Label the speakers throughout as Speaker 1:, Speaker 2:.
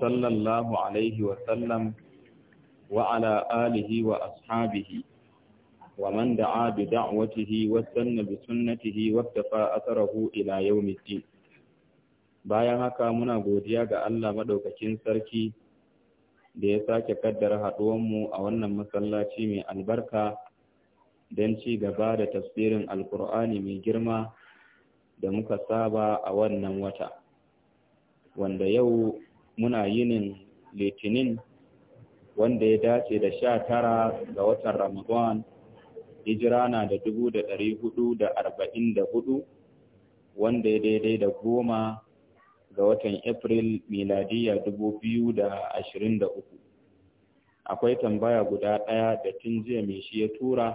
Speaker 1: صلى الله عليه وسلم وعلى آله وأصحابه ومن دعا بدعوته واستنى بسنته واكتفى أثره إلى يوم الدين bayan haka muna godiya ga Allah madaukakin sarki da ya sake kaddara haɗuwanmu a wannan masallaci mai albarka don ci gaba da tafsirin alkur'ani mai girma da muka saba a wannan wata wanda yau muna yinin litinin wanda ya dace da sha tara ga watan ramadan hijira na da dubu da ɗari hudu da arba'in da hudu wanda ya daidai da goma ga watan april miladiya dubu biyu da ashirin da uku akwai tambaya guda ɗaya da tun jiya mai shi ya tura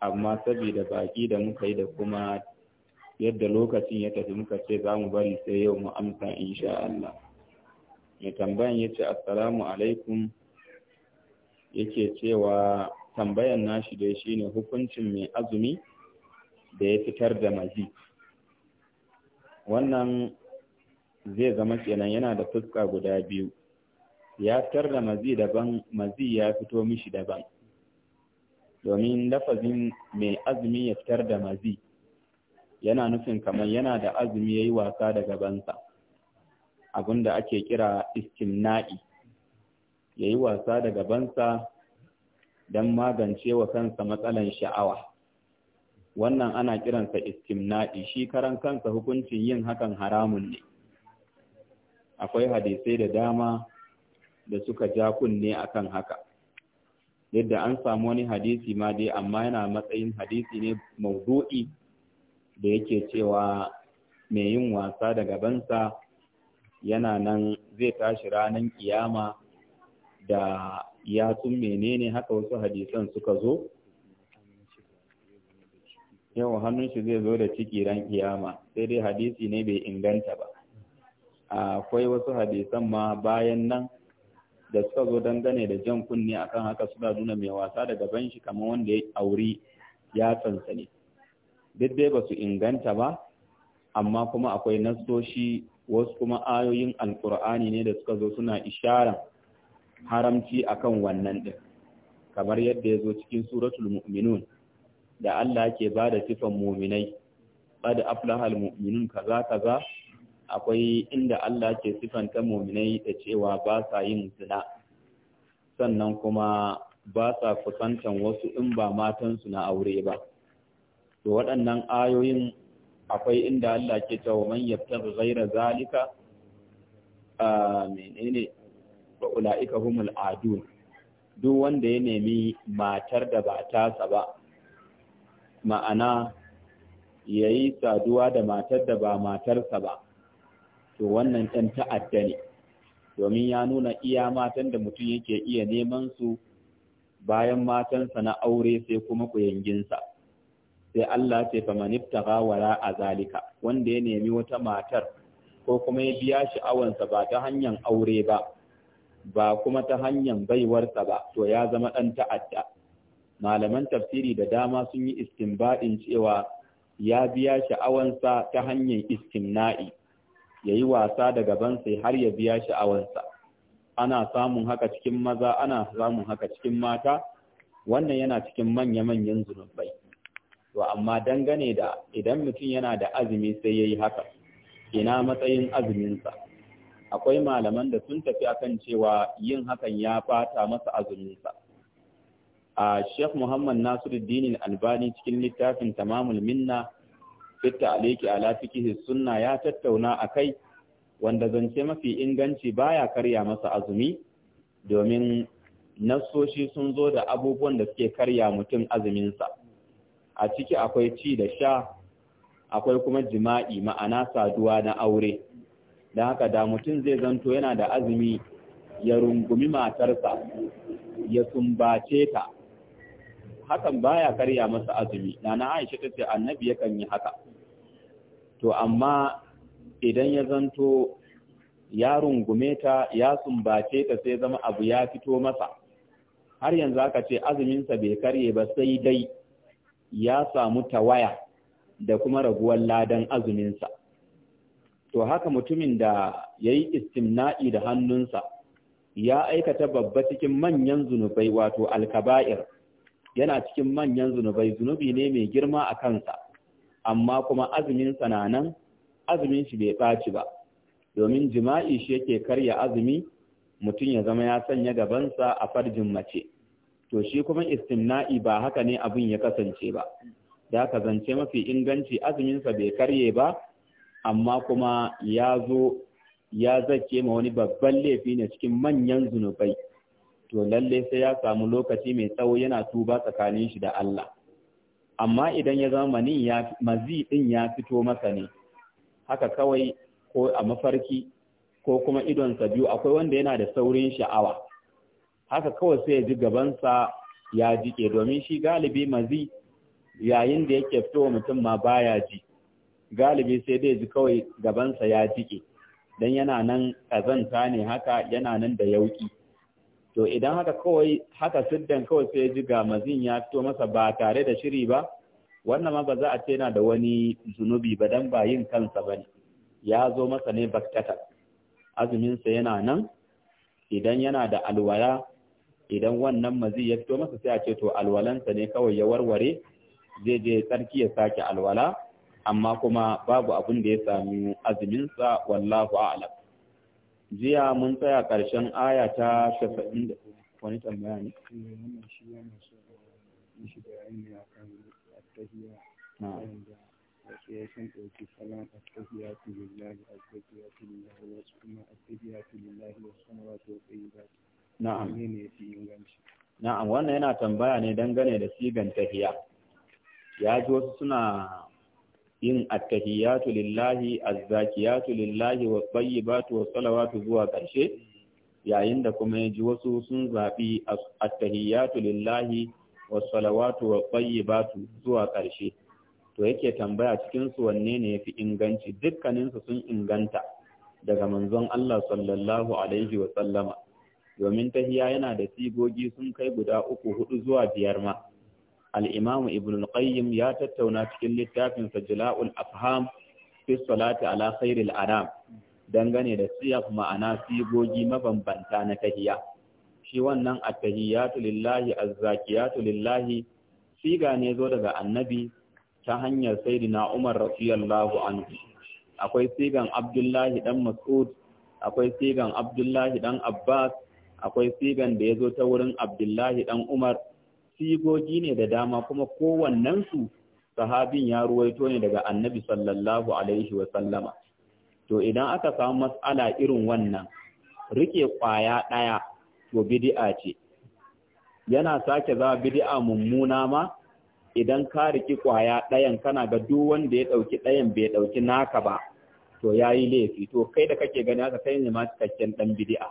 Speaker 1: amma saboda baki da muka yi da kuma yadda lokacin ya tafi muka ce za mu bari sai yau mu amsa insha Allah mai tambayan yace assalamu alaikum yake cewa tambayan nashi dai shine hukuncin mai azumi da ya fitar da mazi wannan zai zama kenan yana da fuska guda biyu ya fitar da mazi daban mazi ya fito mishi daban domin lafazin mai azumi ya fitar da mazi yana nufin kamar yana da azumi ya yi wasa da bansa. abinda ake kira istimna'i ya yi wasa da gabansa don magance wa kansa matsalan sha'awa wannan ana kiransa istimna'i shi karan kansa hukuncin yin hakan haramun ne akwai hadisai da dama da suka ja kunne akan haka yadda an samu wani hadisi ma dai amma yana matsayin hadisi ne maudu'i da yake cewa mai yin wasa da gabansa yana nan zai tashi ranan kiyama da ya tun menene haka wasu hadisan suka zo yau hannun shi zai zo da ciki ran kiyama sai dai hadisi ne bai inganta ba akwai wasu hadisan ma bayan nan da suka zo dangane da jan kunne akan haka suna nuna mai wasa da gaban shi kamar wanda ya auri ya tsansa duk dai ba su inganta ba amma kuma akwai nasoshi wasu kuma ayoyin Alƙur'ani ne da suka zo suna isharan haramci akan wannan din kamar yadda ya zo cikin suratul mu'minun da Allah ke ba da sifan muminai bada aflahal muminun kaza kaza akwai inda Allah ke sifanta muminai da cewa ba sa yin zina sannan kuma ba sa kusantan wasu in ba matansu na aure ba to waɗannan ayoyin akwai inda Allah ke cewa man yabtaghi ghayra zalika menene wa ulaika humul adun duk wanda ya nemi matar da ba ta ba ma'ana yayi saduwa da matar da ba matarsa ba to wannan ɗan ta'adda ne domin ya nuna iya matan da mutum yake iya neman su bayan matansa na aure sai kuma kuyanginsa. sai Allah ce fa maniftaga wara azalika. wanda ya nemi wata matar ko kuma ya biya sha'awansa ba ta hanyar aure ba ba kuma ta hanyar baiwarsa ba to ya zama dan ta'adda malaman tafsiri da dama sun yi istinbadin cewa ya biya sha'awansa ta hanyar istimna'i ya yi wasa da gaban sai har ya biya sha'awansa ana samun haka cikin maza ana samun haka cikin mata wannan yana cikin manya-manyan zunubai to amma dangane da idan mutum yana da azumi sai ya yi haka ina matsayin azuminsa akwai malaman da sun tafi akan cewa yin hakan ya fata masa azuminsa a Sheikh Muhammad Nasiruddin Albani cikin littafin Tamamul Minna fitta alayki ala fikihi sunna ya tattauna akai wanda zance mafi inganci baya karya masa azumi domin nasoshi sun zo da abubuwan da suke karya mutum azuminsa. a ciki akwai ci da sha akwai kuma jima'i ma'ana saduwa na aure don haka da mutum zai zanto yana da azumi ya rungumi matarsa ya sumbace ta hakan baya karya masa azumi na na aisha ta ce annabi yakan yi haka to amma idan ya zanto ya rungume ta ya sumbace ta sai zama abu ya fito masa har yanzu aka ce azuminsa bai karye ba sai dai ya samu tawaya da kuma raguwar ladan azuminsa. To haka mutumin da ya yi istimna'i da hannunsa, ya aikata babba cikin manyan zunubai wato alkaba'ir, yana cikin manyan zunubai zunubi ne mai girma a kansa, amma kuma azuminsa na nan, azumin shi bai ɓaci ba, domin jima'i shi yake karya azumi, mutum ya zama ya sanya gabansa a farjin mace. to shi kuma istimna'i ba haka ne abin ya kasance ba da ka zance mafi inganci azuminsa bai karye ba amma kuma ya zo ya zake ma wani babban laifi ne cikin manyan zunubai to lalle sai ya samu lokaci mai tsawo yana tuba tsakanin shi da Allah amma idan ya zama manin ya mazi din ya fito masa ne haka kawai ko a mafarki ko kuma idonsa biyu akwai wanda yana da saurin sha'awa haka kawai sai ya ji gabansa ya jike domin shi galibi mazi yayin da yake fitowa mutum ma baya ji galibi sai dai ji kawai gabansa ya jike dan yana nan kazanta ne haka yana nan da yauki to idan haka kawai haka siddan kawai sai ya ji ga mazin ya fito masa ba tare da shiri ba wannan ma ba za a ce yana da wani zunubi ba dan ba yin kansa ne ya zo masa ne baktata azuminsa yana nan idan yana da alwala idan wannan mazi ya fito masa sai a ce to alwalansa ne kawai ya warware zai je tsarki ya sake alwala amma kuma babu abin da ya sami azuminsa wallahu a'lam jiya mun tsaya ƙarshen aya ta shafa'in da wani tambaya ne eh,
Speaker 2: sai sun
Speaker 3: ɗauki salam attahiyatu lillahi attahiyatu lillahi wasu kuma ba na'am
Speaker 1: wannan yana tambaya ne dangane da sigan tahiya ya ji wasu suna yin attahiyatu lillahi azzakiyatu lillahi wa tayyibatu wa salawatu zuwa ƙarshe yayin da kuma ya ji wasu sun zaɓi attahiyatu lillahi wa salawatu wa tu zuwa ƙarshe to yake tambaya cikinsu su wanne ne fi inganci dukkaninsu sun inganta daga manzon Allah sallallahu alaihi wa domin tahiya yana da sigogi sun kai guda uku hudu zuwa biyar ma al-imamu ibn al-qayyim ya tattauna cikin littafin jalaul afham fi salati ala khairil dangane da siyaf ma'ana sigogi mabambanta na tahiya shi wannan at-tahiyatu lillahi az-zakiyatu lillahi siga ne zo daga annabi ta hanyar sayyidina Umar radiyallahu anhu akwai sigan Abdullahi dan Mas'ud akwai sigan Abdullahi dan Abbas akwai sigan da ya zo ta wurin Abdullahi ɗan Umar, sigogi ne da dama kuma su sahabin ya ruwaito ne daga annabi sallallahu Alaihi sallama. To idan aka samu matsala irin wannan, rike ƙwaya ɗaya to bid'a ce. Yana sake za bidi'a mummuna ma idan ka riki kwaya ɗayan kana ga duk wanda ya ɗauki ɗayan bai ɗauki naka ba, to ya laifi, to kai da kake gani haka kai ne ma cikakken ɗan bidi'a.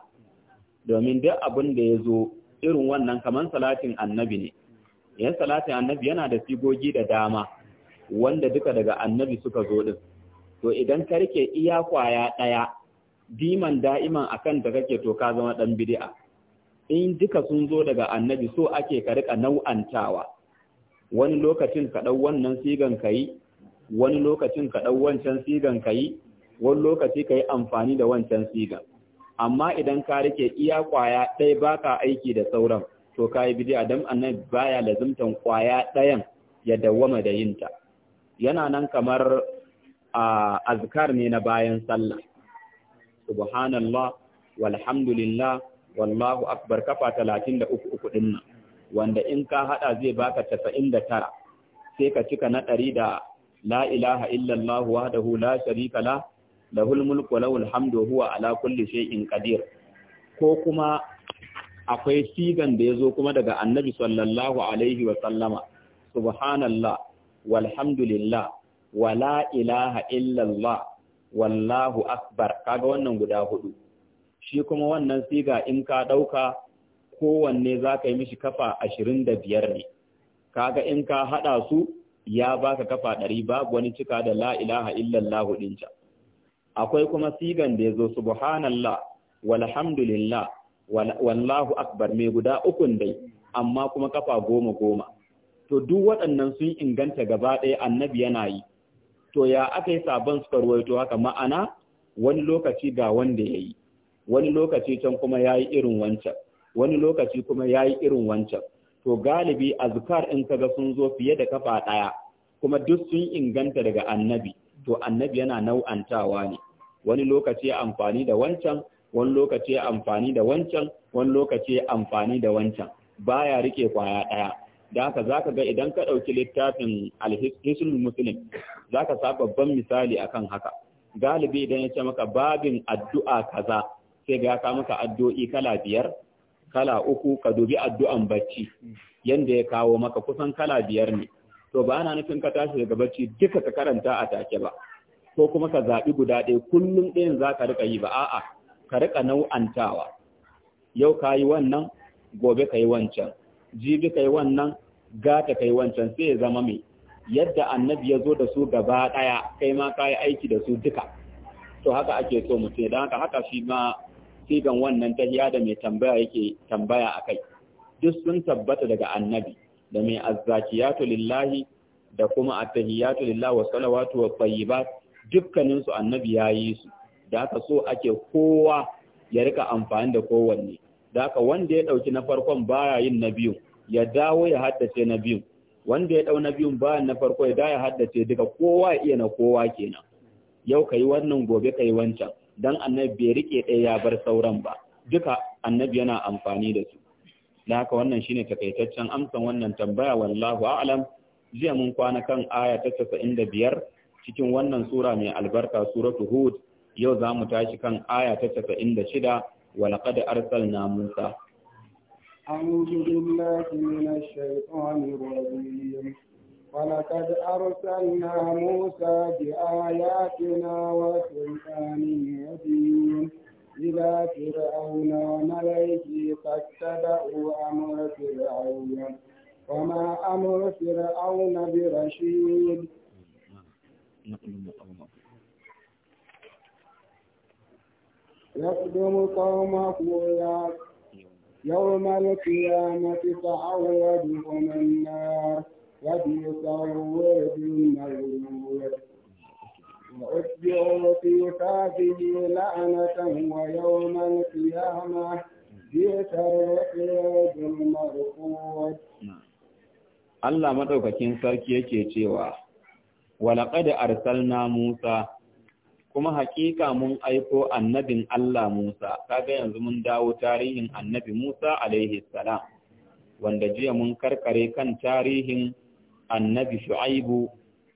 Speaker 1: domin duk abin da ya zo irin wannan kamar salatin annabi ne yan salatin annabi yana da sigogi da dama wanda duka daga annabi suka zo din to idan ka rike iya kwaya ɗaya Biman da'iman akan da kake to ka zama ɗan bid'a in duka sun zo daga annabi so ake ka rika nau'antawa wani lokacin ka ɗau wannan sigan ka yi wani lokacin ka ɗau wancan sigan ka yi wani lokaci ka yi amfani da wancan sigan amma idan ka rike iya kwaya ɗaya ba ka aiki da sauran to ka yi bidiya don annabi baya lazimtan kwaya ɗayan ya dawwama da yinta yana nan kamar azkar ne na bayan sallah subhanallah walhamdulillah wallahu akbar kafa 33 din nan wanda in ka haɗa zai baka da tara? sai ka cika na 100 da la ilaha illallah wahdahu la sharika la lahul mulku lahul hamdu huwa ala kulli shay'in qadir ko kuma akwai sigan da yazo kuma daga annabi sallallahu alaihi wa sallama subhanallah walhamdulillah wala ilaha illallah wallahu akbar kaga wannan guda hudu shi kuma wannan siga in ka dauka kowanne zaka yi mishi kafa ashirin da biyar ne kaga in ka hada su ya baka kafa ɗari babu wani cika da la ilaha illallah hudinca. akwai kuma sigan da ya zo subhanallah walhamdulillah wallahu akbar mai guda ukun dai amma kuma kafa goma goma to duk waɗannan sun inganta gaba ɗaya annabi yana yi to ya aka yi sabon suka ruwaito haka ma'ana wani lokaci ga wanda ya yi wani lokaci can kuma ya yi irin wancan wani lokaci kuma ya yi irin wancan to galibi azkar in kaga sun zo fiye da kafa ɗaya kuma duk sun inganta daga annabi to annabi yana nau'antawa ne wani lokaci amfani da wancan wani lokaci amfani da wancan wani lokaci amfani da wancan baya rike kwaya daya da haka zaka ga idan ka dauki littafin al hisn muslim zaka sa babban misali akan haka galibi idan ya ce maka babin addu'a kaza sai ga ka maka addu'o'i kala biyar kala uku ka dubi addu'an bacci yanda ya kawo maka kusan kala biyar ne to ba ana nufin ka tashi daga bacci duka ka karanta a take ba ko kuma ka zaɓi guda ɗaya kullum ɗayan za ka riƙa yi ba a'a ka riƙa nau'antawa yau ka yi wannan gobe ka yi wancan jibi ka yi wannan gata ka yi wancan sai ya zama mai yadda annabi ya zo da su gaba ɗaya kai ma ka yi aiki da su duka to haka ake so mutum don haka haka shi ma sigan wannan tahiya da mai tambaya yake tambaya a kai duk sun tabbata daga annabi da mai azzakiyatu lillahi da kuma attahiyatu lillahi wa salawatu wa tayyibat dukkanin su annabi yayi su da ka so ake kowa ya rika amfani da kowanne da aka wanda ya dauki na farkon baya yin na biyu ya dawo ya haddace na biyu wanda ya dau na biyun baya na farko ya dawo ya haddace duka kowa ya iya na kowa kenan yau kai wannan gobe kai wancan dan annabi bai rike ɗaya ya bar sauran ba duka annabi yana amfani da su da haka wannan shine takaitaccen amsan wannan tambaya wallahu a'lam jiya mun kwana kan aya ta da biyar. cikin wannan sura mai albarka suratu hud yau za mu tashi kan aya ta 96 da shida musa
Speaker 2: أعوذ بالله من الشيطان ولقد أرسلنا موسى بآياتنا وسلطان ị gee ụa aa we anụre ụa a anụre ụa aae yawụa ụ tie aa ụta awụ ya eeaya dieaụwee ae واتبعوا في هذه لعنة ويوم القيامة جئت الوحيد الله
Speaker 1: Allah madaukakin sarki yake cewa walaqad arsalna Musa kuma hakika mun aiko annabin Allah Musa kaga yanzu mun dawo tarihin annabi Musa alaihi salam wanda jiya mun karkare kan tarihin annabi Shu'aibu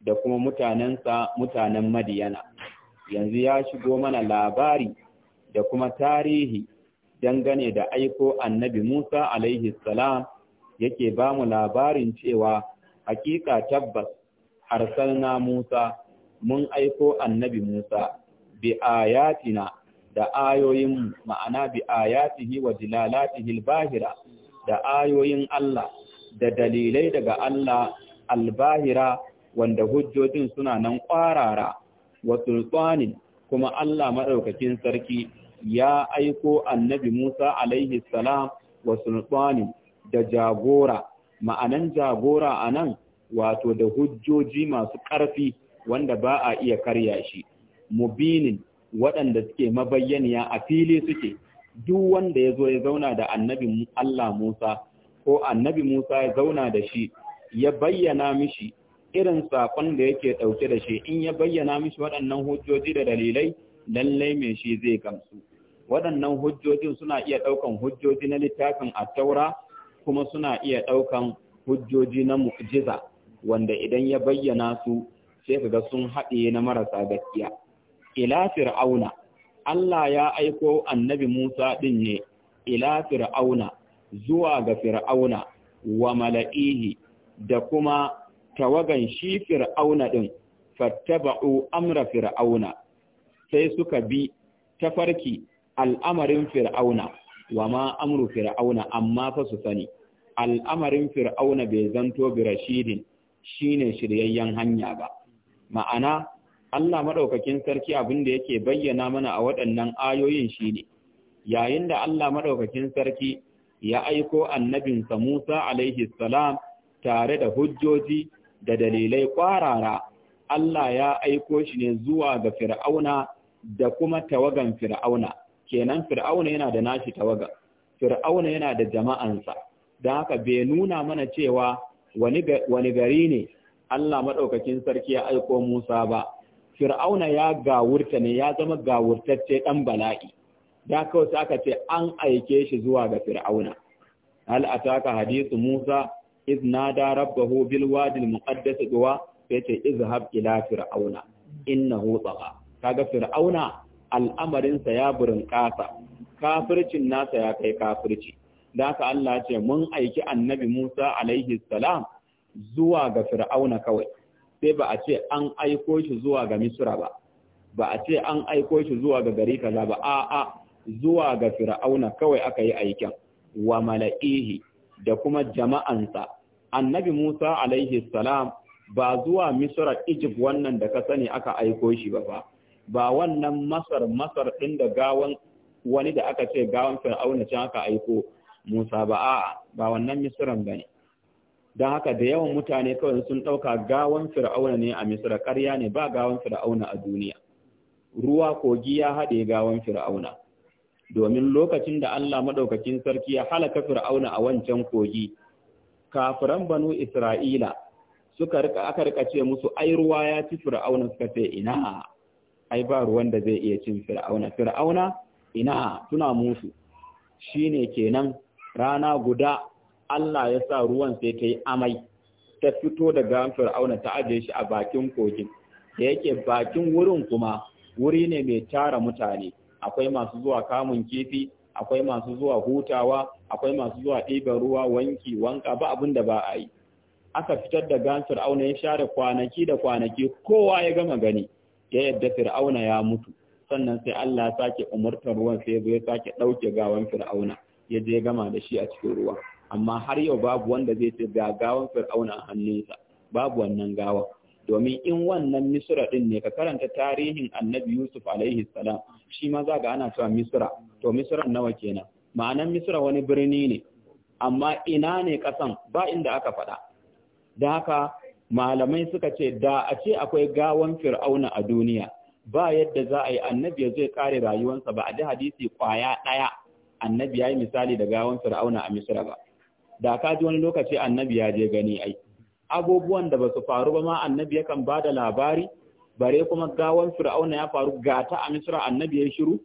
Speaker 1: da kuma mutanensa mutanen Madiyana. Yanzu ya shigo mana labari da kuma tarihi dangane da aiko annabi Musa alaihi salam yake ba mu labarin cewa hakika tabbas arsalna Musa mun aiko annabi Musa bi ayatina da ayoyin ma'ana bi ayatihi wa dilalatihi albahira da ayoyin Allah da dalilai daga Allah albahira wanda hujjojin suna nan ƙwarara wa sultanin kuma Allah maɗaukakin sarki ya aiko annabi Musa alaihi salam wa sultanin da jagora ma'anan jagora a nan wato da hujjoji masu ƙarfi wanda ba a iya karya shi mubinin waɗanda suke mabayyaniya a fili suke duk wanda ya zo ya zauna da annabi Allah Musa ko annabi Musa ya zauna da shi ya bayyana mishi irin sakon da yake ɗauke da shi in ya bayyana mishi waɗannan hujjoji da dalilai lallai mai shi zai gamsu waɗannan hujjojin suna iya ɗaukan hujjoji na littafin attaura kuma suna iya ɗaukan hujjoji na mu'jiza wanda idan ya bayyana su sai kaga sun haɗe na marasa gaskiya ila fir'auna Allah ya aiko annabi Musa din ne ila fir'auna zuwa ga fir'auna wa mala'ihi da kuma tawagan shi fir'auna din fattaba'u amra fir'auna sai suka bi tafarki al'amarin fir'auna wa ma amru fir'auna amma fa su sani al'amarin fir'auna bai zanto bi rashidin shine shiryayyen hanya ba ma'ana Allah madaukakin sarki abin da yake bayyana mana a waɗannan ayoyin shine yayin da Allah madaukakin sarki ya aiko annabinsa Musa alaihi salam tare da hujjoji da dalilai kwarara Allah ya aiko shi ne zuwa ga fir'auna da kuma tawagan fir'auna kenan fir'auna yana da nashi tawaga fir'auna yana da jama'ansa don haka bai nuna mana cewa wani gari ne Allah maɗaukakin sarki ya aiko Musa ba fir'auna ya gawurta ne ya zama gawurtacce ɗan bala'i da kawai aka ce an aike shi zuwa ga fir'auna hal taka hadisu Musa iz nada rabbahu bil wadi muqaddas duwa sai ce izhab ila fir'auna innahu tagha kaga fir'auna al'amarin sa ya burin kasa kafircin nasa ya kai kafirci da haka Allah ce mun aiki annabi Musa alaihi salam zuwa ga fir'auna kawai sai ba a ce an aiko shi zuwa ga Misra ba ba a ce an aiko shi zuwa ga gari kaza ba a'a zuwa ga fir'auna kawai aka yi aikin wa mala'ihi da kuma jama'ansa annabi Musa alaihi salam ba zuwa Misra Egypt wannan da ka sani aka aiko shi ba fa ba wannan Masar Masar ɗin da gawan wani da aka ce gawan Fir'auna can aka aiko Musa ba a'a ba wannan Misran bane don haka da yawan mutane kawai sun ɗauka gawan fir'auna ne a misra ƙarya ne ba gawan fir'auna a duniya ruwa kogi ya haɗe gawan fir'auna domin lokacin da allah maɗaukakin sarki ya halaka fir'auna a wancan kogi kafiran banu Isra'ila suka rika aka rika ce musu ai ruwa ya ci fir'auna suka ce ina ai ba ruwan da zai iya cin fir'auna fir'auna ina tuna musu shine kenan rana guda Allah ya sa ruwan sai ta yi amai ta fito daga fir'auna ta aje shi a bakin kogin da yake bakin wurin kuma wuri ne mai tara mutane akwai masu zuwa kamun kifi akwai masu zuwa hutawa akwai masu zuwa ɗiban ruwa wanki wanka ba abin da ba a yi aka fitar da gan fir'auna ya share kwanaki da kwanaki kowa ya gama gani ya yadda fir'auna ya mutu sannan sai Allah ya sake umurtar ruwan sai ya sake ɗauke gawan fir'auna ya je gama da shi a cikin ruwa amma har yau babu wanda zai ce ga gawan fir'auna a hannunsa babu wannan gawa domin in wannan misra din ne ka karanta tarihin annabi yusuf alaihi salam shi ma za ga ana cewa Misira, to misra nawa kenan ma'anan Misira wani birni ne amma ina ne kasan ba inda aka faɗa da haka malamai suka ce da a ce akwai gawan fir'auna a duniya ba yadda za a yi annabi ya zai kare rayuwarsa ba a ji hadisi kwaya ɗaya annabi ya yi misali da gawan fir'auna a Misira ba da ka ji wani lokaci annabi ya je gani ai abubuwan da ba su faru ba ma annabi yakan ba da labari bare kuma gawan fir'auna ya faru gata a misra annabi ya shiru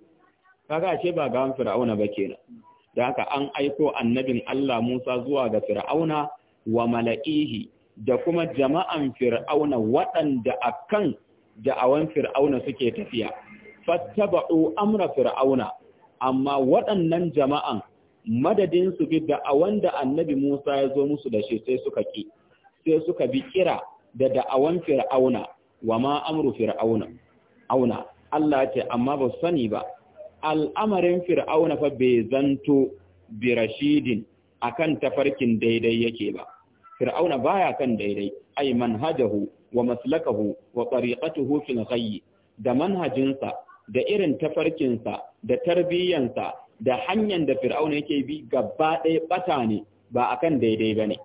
Speaker 1: kaga ce ba gawan fir'auna ba kenan da haka an aiko annabin Allah Musa zuwa ga fir'auna wa mala'ihi da kuma jama'an fir'auna waɗanda akan da'awan fir'auna suke tafiya fattaba'u amra fir'auna amma waɗannan jama'an madadin su bi da'awan da annabi Musa ya zo musu da shi sai suka ki sai suka bi kira da da'awan fir'auna wa ma amru fir'auna auna Allah ce amma ba sani ba al'amarin fir'auna fa bai zanto bi rashidin akan tafarkin daidai yake ba fir'auna baya kan daidai ai manhajahu wa maslakahu wa tariqatuhu fil ghayy da manhajinsa da irin tafarkinsa da tarbiyyansa da hanyar da fir'auna yake bi gaba ɗaya bata ne ba akan daidai bane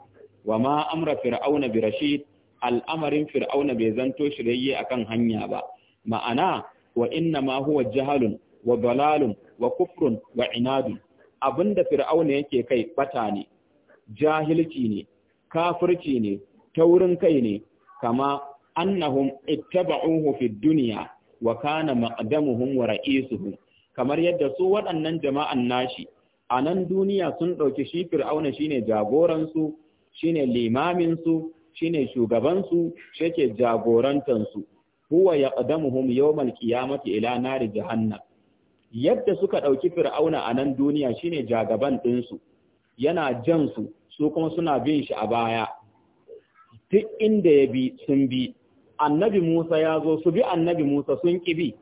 Speaker 1: wa ma amra fir'auna bi rashid al'amarin fir'auna bai zanto a kan hanya ba ma'ana wa inna ma huwa jahalun wa Balalun, wa kufrun wa inadun abinda fir'auna yake kai bata ne jahilci ne kafirci ne taurin kai ne kama annahum ittaba'uhu fid dunya wa kana maqdamuhum wa ra'isuhum kamar yadda su waɗannan jama'an nashi a nan duniya sun ɗauki shi fir'auna shine jagoransu shine limamin su shine shugabansu shi yake jagorantansu huwa yaqdamuhum yawmal qiyamati ila nari jahannam yadda suka ɗauki fir'auna a nan duniya shine jagaban ɗinsu yana jan su su kuma suna bin shi a baya duk inda ya bi sun bi annabi Musa ya zo su bi annabi Musa sun ki bi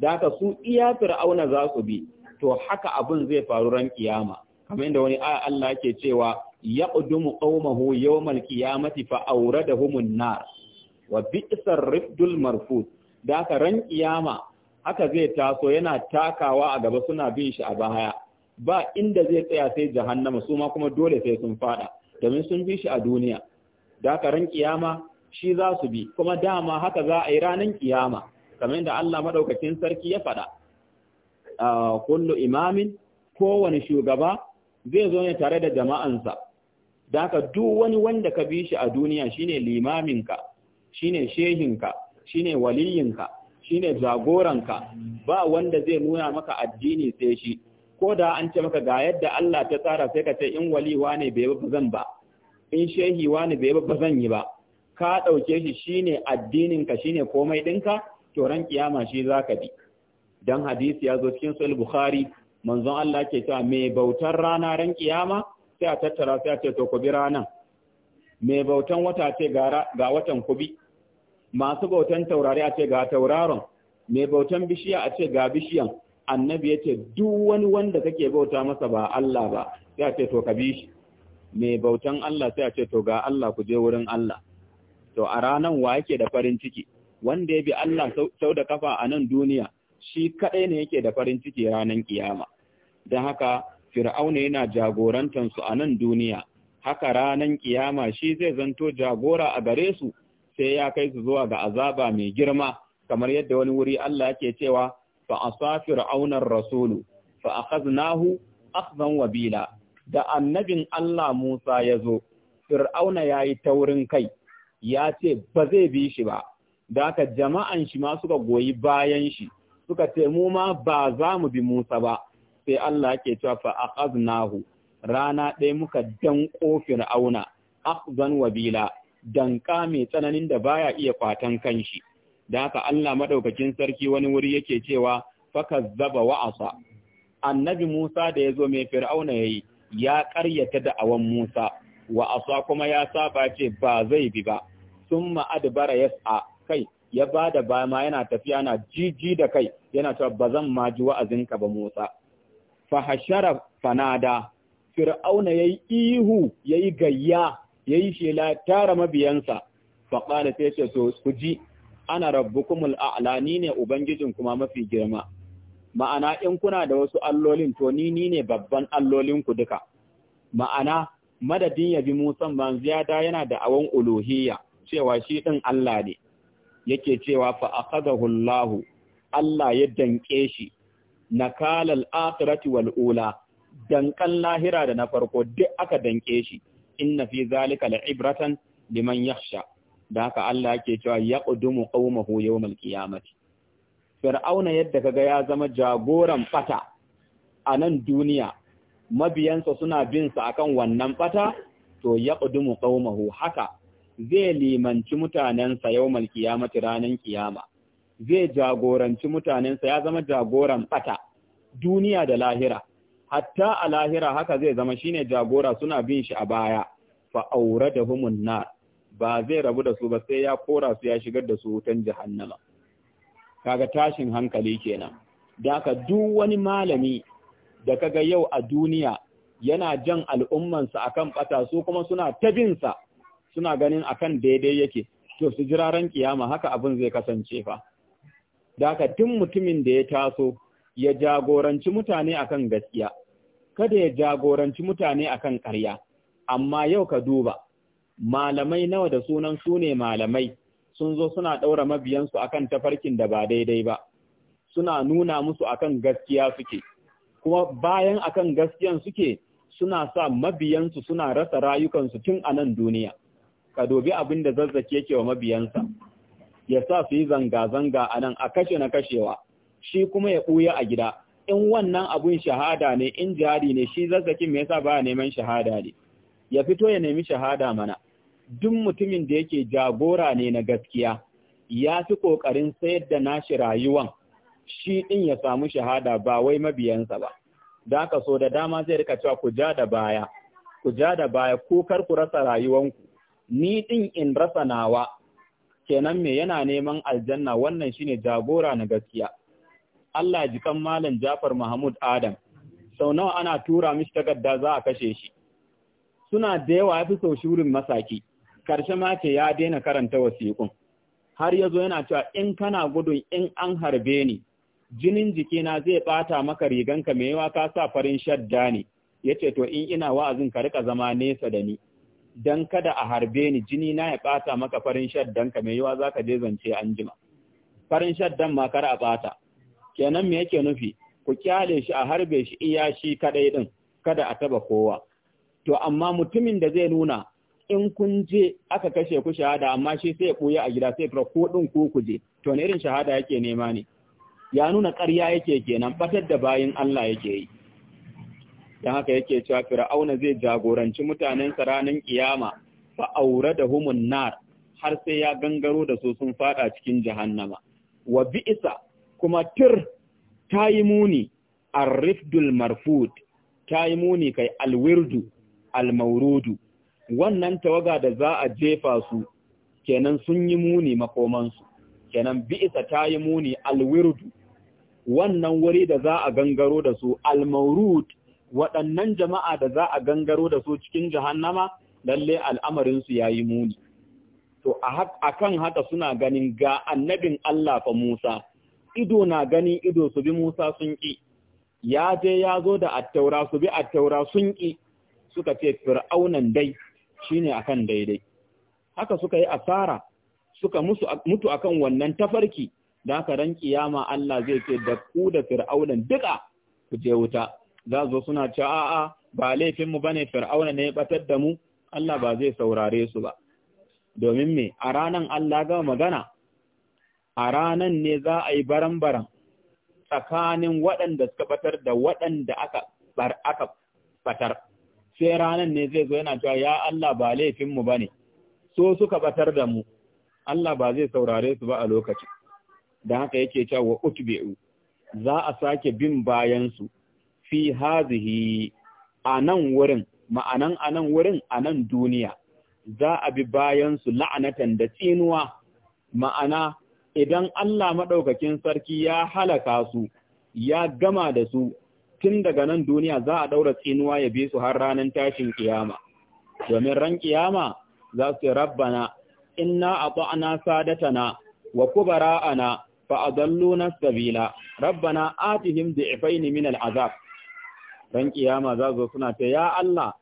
Speaker 1: da ka su iya fir'auna za su bi to haka abin zai faru ran kiyama kamar inda wani aya Allah yake cewa yaqdumu qaumahu yawmal qiyamati fa humun nar wa bi'sar rifdul marfud da ka ran kiyama haka zai taso yana takawa a gaba suna bin shi a baya ba inda zai tsaya sai jahannama su ma kuma dole sai sun fada domin sun bi shi a duniya da ka ran kiyama shi za su bi kuma dama haka za a yi ranan kiyama kamar da Allah madaukakin sarki ya faɗa ah, kullu imamin kowane shugaba zai zo ne tare da jama'ansa da duk wani wanda ka bi shi a duniya shine limaminka shine shehinka shine waliyinka shine jagoranka ba wanda zai nuna maka addini sai shi ko da an ce maka ga yadda Allah ta tsara sai ka ce in wali wane bai ba zan ba in shehi wane bai ba zan yi ba ka ɗauke shi shine addininka shine komai ɗinka to ran kiyama shi ka bi dan hadisi ya zo cikin sahih bukhari manzon Allah ke cewa mai bautar rana ran kiyama sai a tattara sai a ce to ku bi ranan mai bautan wata ce ga watan ku bi. masu bautan taurari a ce ga tauraron mai bautan bishiya a ce ga bishiyan annabi ya ce duk wani wanda kake bauta masa ba Allah ba sai a ce to ka bi shi mai bautan Allah sai a ce to ga Allah ku je wurin Allah to a ranan wa yake da farin ciki wanda ya bi Allah sau da kafa a nan duniya shi kaɗai ne yake da farin ciki ranan kiyama don haka fir'auna yana jagorantar su a nan duniya haka ranan kiyama shi zai zanto jagora a gare su sai ya kai su zuwa ga azaba mai girma kamar yadda wani wuri Allah yake cewa fa asa fir'aunar rasulu fa akhaznahu wa wabila da annabin Allah Musa ya zo fir'auna yayi taurin kai ya ce ba zai bi shi ba da haka jama'an shi ma suka goyi bayan shi suka ce mu ma ba za mu bi Musa ba sai Allah yake cewa fa aqaznahu rana ɗaya muka danko fir'auna akhzan wabila danka mai tsananin da baya iya kwatan kanshi da haka Allah madaukakin sarki wani wuri yake cewa fa kazzaba wa asa annabi Musa da yazo mai fir'auna yayi ya da awan Musa wa asa kuma ya saba ce ba zai bi ba summa adbara yas'a kai ya ba da bama yana tafiya na jiji da kai yana cewa ba zan ma ji wa'azinka ba Musa! fahashara fanada fir'auna yayi ihu yayi gayya yayi shela tara mabiyansa faƙala sai ce so ku ji ana rabbukumul ni ne ubangijin kuma mafi girma ma'ana in kuna da wasu allolin to ni ni ne babban allolin ku duka ma'ana madadin yabi musan ban ziyada yana da awon uluhiyya cewa shi din Allah ne yake cewa fa akhadahu Allah Allah ya danke shi nakalal akhirati wal ula dankan lahira da na farko duk aka danke shi inna fi zalika la'ibratan liman yakhsha da haka Allah yake cewa yaqdumu qaumahu yawmal qiyamati fir'auna yadda kaga ya zama jagoran fata a nan duniya mabiyansa suna bin sa akan wannan fata to yaqdumu qaumahu haka zai limanci mutanensa yawmal qiyamati ranan kiyama zai jagoranci mutanensa ya zama jagoran bata duniya da lahira hatta a lahira haka zai zama shine jagora suna bin shi a baya fa auradahumun nar ba zai rabu da su ba sai ya kora su ya shigar da su wutan jahannama kaga tashin hankali kenan da duk wani malami da kaga yau a duniya yana jan al'ummansa akan bata su kuma suna ta binsa. suna ganin akan daidai yake to su jiraran kiyama haka abin zai kasance fa da tun mutumin da ya taso ya jagoranci mutane akan gaskiya kada ya jagoranci mutane akan ƙarya amma yau ka duba malamai nawa da sunan su ne malamai sun zo suna ɗaura mabiyansu akan tafarkin da ba daidai ba suna nuna musu akan gaskiya suke kuma bayan akan gaskiyan suke suna sa mabiyansu suna rasa rayukansu tun a nan duniya ka dobi abin da zazzaki yake wa mabiyansa ya sa su yi zanga-zanga a nan a kashe na kashewa shi kuma ya ɓuya a gida in wannan abun shahada ne in jihadi ne shi zazzakin me yasa baya neman shahada ne ya fito ya nemi shahada mana duk mutumin da yake jagora ne na gaskiya ya fi ƙoƙarin sayar da nashi rayuwan shi ɗin ya samu shahada ba wai mabiyansa ba da aka so da dama zai rika cewa ku ja da baya ku ja da baya ko kar ku rasa rayuwanku ni ɗin in rasa nawa kenan me yana neman aljanna wannan shine jagora na gaskiya Allah jikan malam Jafar Mahmud Adam sau nawa ana tura mishi takarda za a kashe shi suna da yawa yafi sau shurin masaki karshe ma ke ya daina karanta wasiƙun har yazo yana cewa in kana gudun in an harbe ni jinin jikina zai bata maka riganka me yawa ka sa farin shadda ne yace to in ina wa'azin ka rika zama nesa da ni dan kada a harbe ni jini na ya ɓata maka farin shaddan ka mai yiwa za ka je zance an jima. Farin shaddan ma kar a ɓata. Kenan me yake nufi? Ku kyale shi a harbe shi iya shi kadai din, kada a taba kowa. To amma mutumin da zai nuna in kun je aka kashe ku shahada amma shi sai ya ɓuya a gida sai fara ko din ku ku je. To ne irin shahada yake nema ne. Ya nuna ƙarya yake kenan, batar da bayin Allah yake yi. don haka yake cewa fir'auna zai jagoranci mutanensa ranar kiyama fa aure da humun nar har sai ya gangaro da su sun fada cikin jahannama wa bi'isa kuma tir tayi muni arrifdul marfud tayi muni kai alwirdu almaurudu wannan tawaga da za a jefa su kenan sun yi muni makomansu kenan bi'isa tayi muni alwirdu wannan wuri da za a gangaro da su almaurud waɗannan jama'a da za a gangaro da su cikin jahannama lalle al'amarinsu ya yi muni. To, a kan haka suna ganin ga annabin Allah fa Musa, ido na gani ido su bi Musa sun ƙi, ya je ya zo da attaura su bi attaura sun ƙi suka ce fir'aunan dai shi ne a daidai. Haka suka yi asara, suka mutu akan wannan tafarki, da haka ran ƙiyama Allah zai ce da ku da fir'aunan duka ku je wuta. za zo suna ce a'a ba laifinmu ba ne fir'auna ne batar da mu Allah ba zai saurare su ba domin me a ranan Allah ga magana a ranan ne za a yi baran-baran tsakanin waɗanda suka batar da waɗanda aka bar batar sai ranan ne zai zo yana cewa ya Allah ba laifinmu ba ne so suka batar da mu Allah ba zai saurare su ba a lokaci. da haka yake cewa utbi'u za a sake bin bayansu fi hazihi a nan wurin ma'anan a nan wurin a nan duniya za a bi bayan su la'anatan da tsinuwa ma'ana idan Allah maɗaukakin sarki ya halaka su ya gama da su tun daga nan duniya za a ɗaura tsinuwa ya bi su har ranar tashin ƙiyama. domin ran ƙiyama za su rabbana inna ata'na sadatana wa kubara'ana fa adalluna sabila rabbana atihim ni min al'azab dan kiyama za zo suna ta ya Allah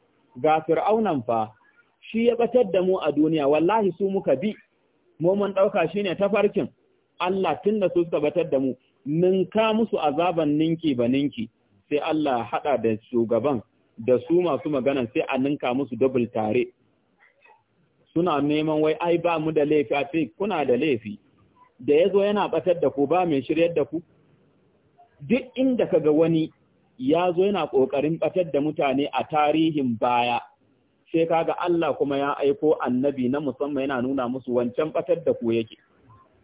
Speaker 1: ga fir'aunan fa shi ya batar da mu a duniya wallahi su muka bi mu mun dauka shine tafarkin Allah tunda su suka batar da mu ninka musu azaban ninki ba ninki sai Allah hada da shugaban da su masu magana sai a ninka musu double tare suna neman wai ai ba mu da laifi a kuna da laifi da yazo yana batar da ku ba mai shiryar da ku duk inda kaga wani ya zo yana ƙoƙarin ɓatar da mutane a tarihin baya, sai kaga Allah kuma ya aiko annabi na musamman yana nuna musu wancan ɓatar da ku yake.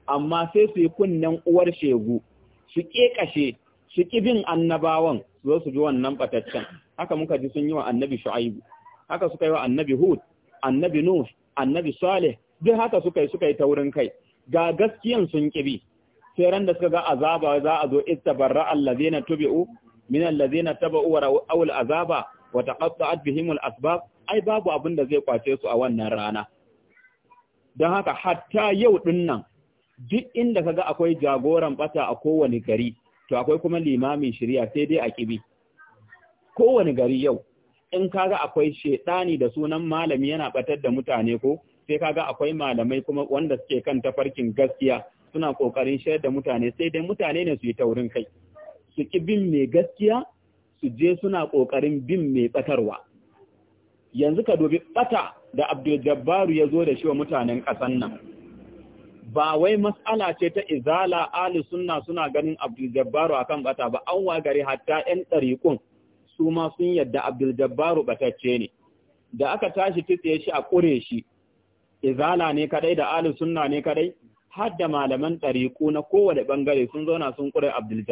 Speaker 1: Amma sai su yi kunnen uwar shegu, su ƙeƙashe, su ƙi bin annabawan zo su ji wannan ɓataccen. Haka muka ji sun yi wa annabi Shu'aibu, haka suka yi wa annabi Hud, annabi Nuh, annabi Saleh, duk haka suka yi suka yi taurin kai. Ga gaskiyan sun bi. sai ran da suka ga azaba za a zo istabarra allazina tubi'u من الذين تبعوا Uwar awul azaba بهم taqatta'at bihim باب asbab ai babu abin da zai kwace su a wannan rana don haka hatta yau nan, duk inda kaga akwai jagoran bata a kowane gari to akwai kuma limamin shirya sai dai a kibi kowane gari yau in kaga akwai shedani da sunan malami yana batar da mutane ko sai kaga akwai malamai kuma wanda suke kan tafarkin gaskiya suna kokarin shayar da mutane sai dai mutane ne su yi taurin kai su ƙi bin mai gaskiya su je suna ƙoƙarin bin mai ɓatarwa. Yanzu ka dobi ɓata da Abdul ya zo da shi wa mutanen ƙasan nan. Ba wai matsala ce ta izala Ali sunna suna ganin Abdul Jabbaru a kan ɓata ba, an gari hatta ‘yan ɗariƙun su ma sun yadda Abdul Jabbaru ne. Da aka tashi tsaye shi a ƙure shi, izala ne kadai da Ali sunna ne kadai, har da malaman ɗariƙu na kowane ɓangare sun zauna sun ƙure Abdul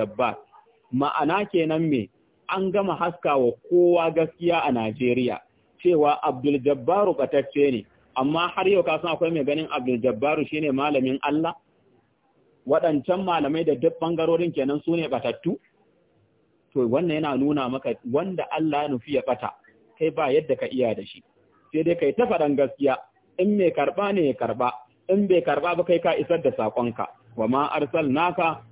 Speaker 1: ma'ana kenan me an gama haska wa kowa gaskiya a Najeriya cewa Abdul Jabbaru batacce ne amma har yau ka san akwai mai ganin Abdul Jabbaru shine malamin Allah waɗancan malamai da duk bangarorin kenan sune batattu to wannan yana nuna maka wanda Allah ya nufi ya bata kai ba yadda ka iya da shi sai dai kai ta faɗan gaskiya in mai karba ne ya karba in bai karba ba kai ka isar da sakonka wa ma arsalnaka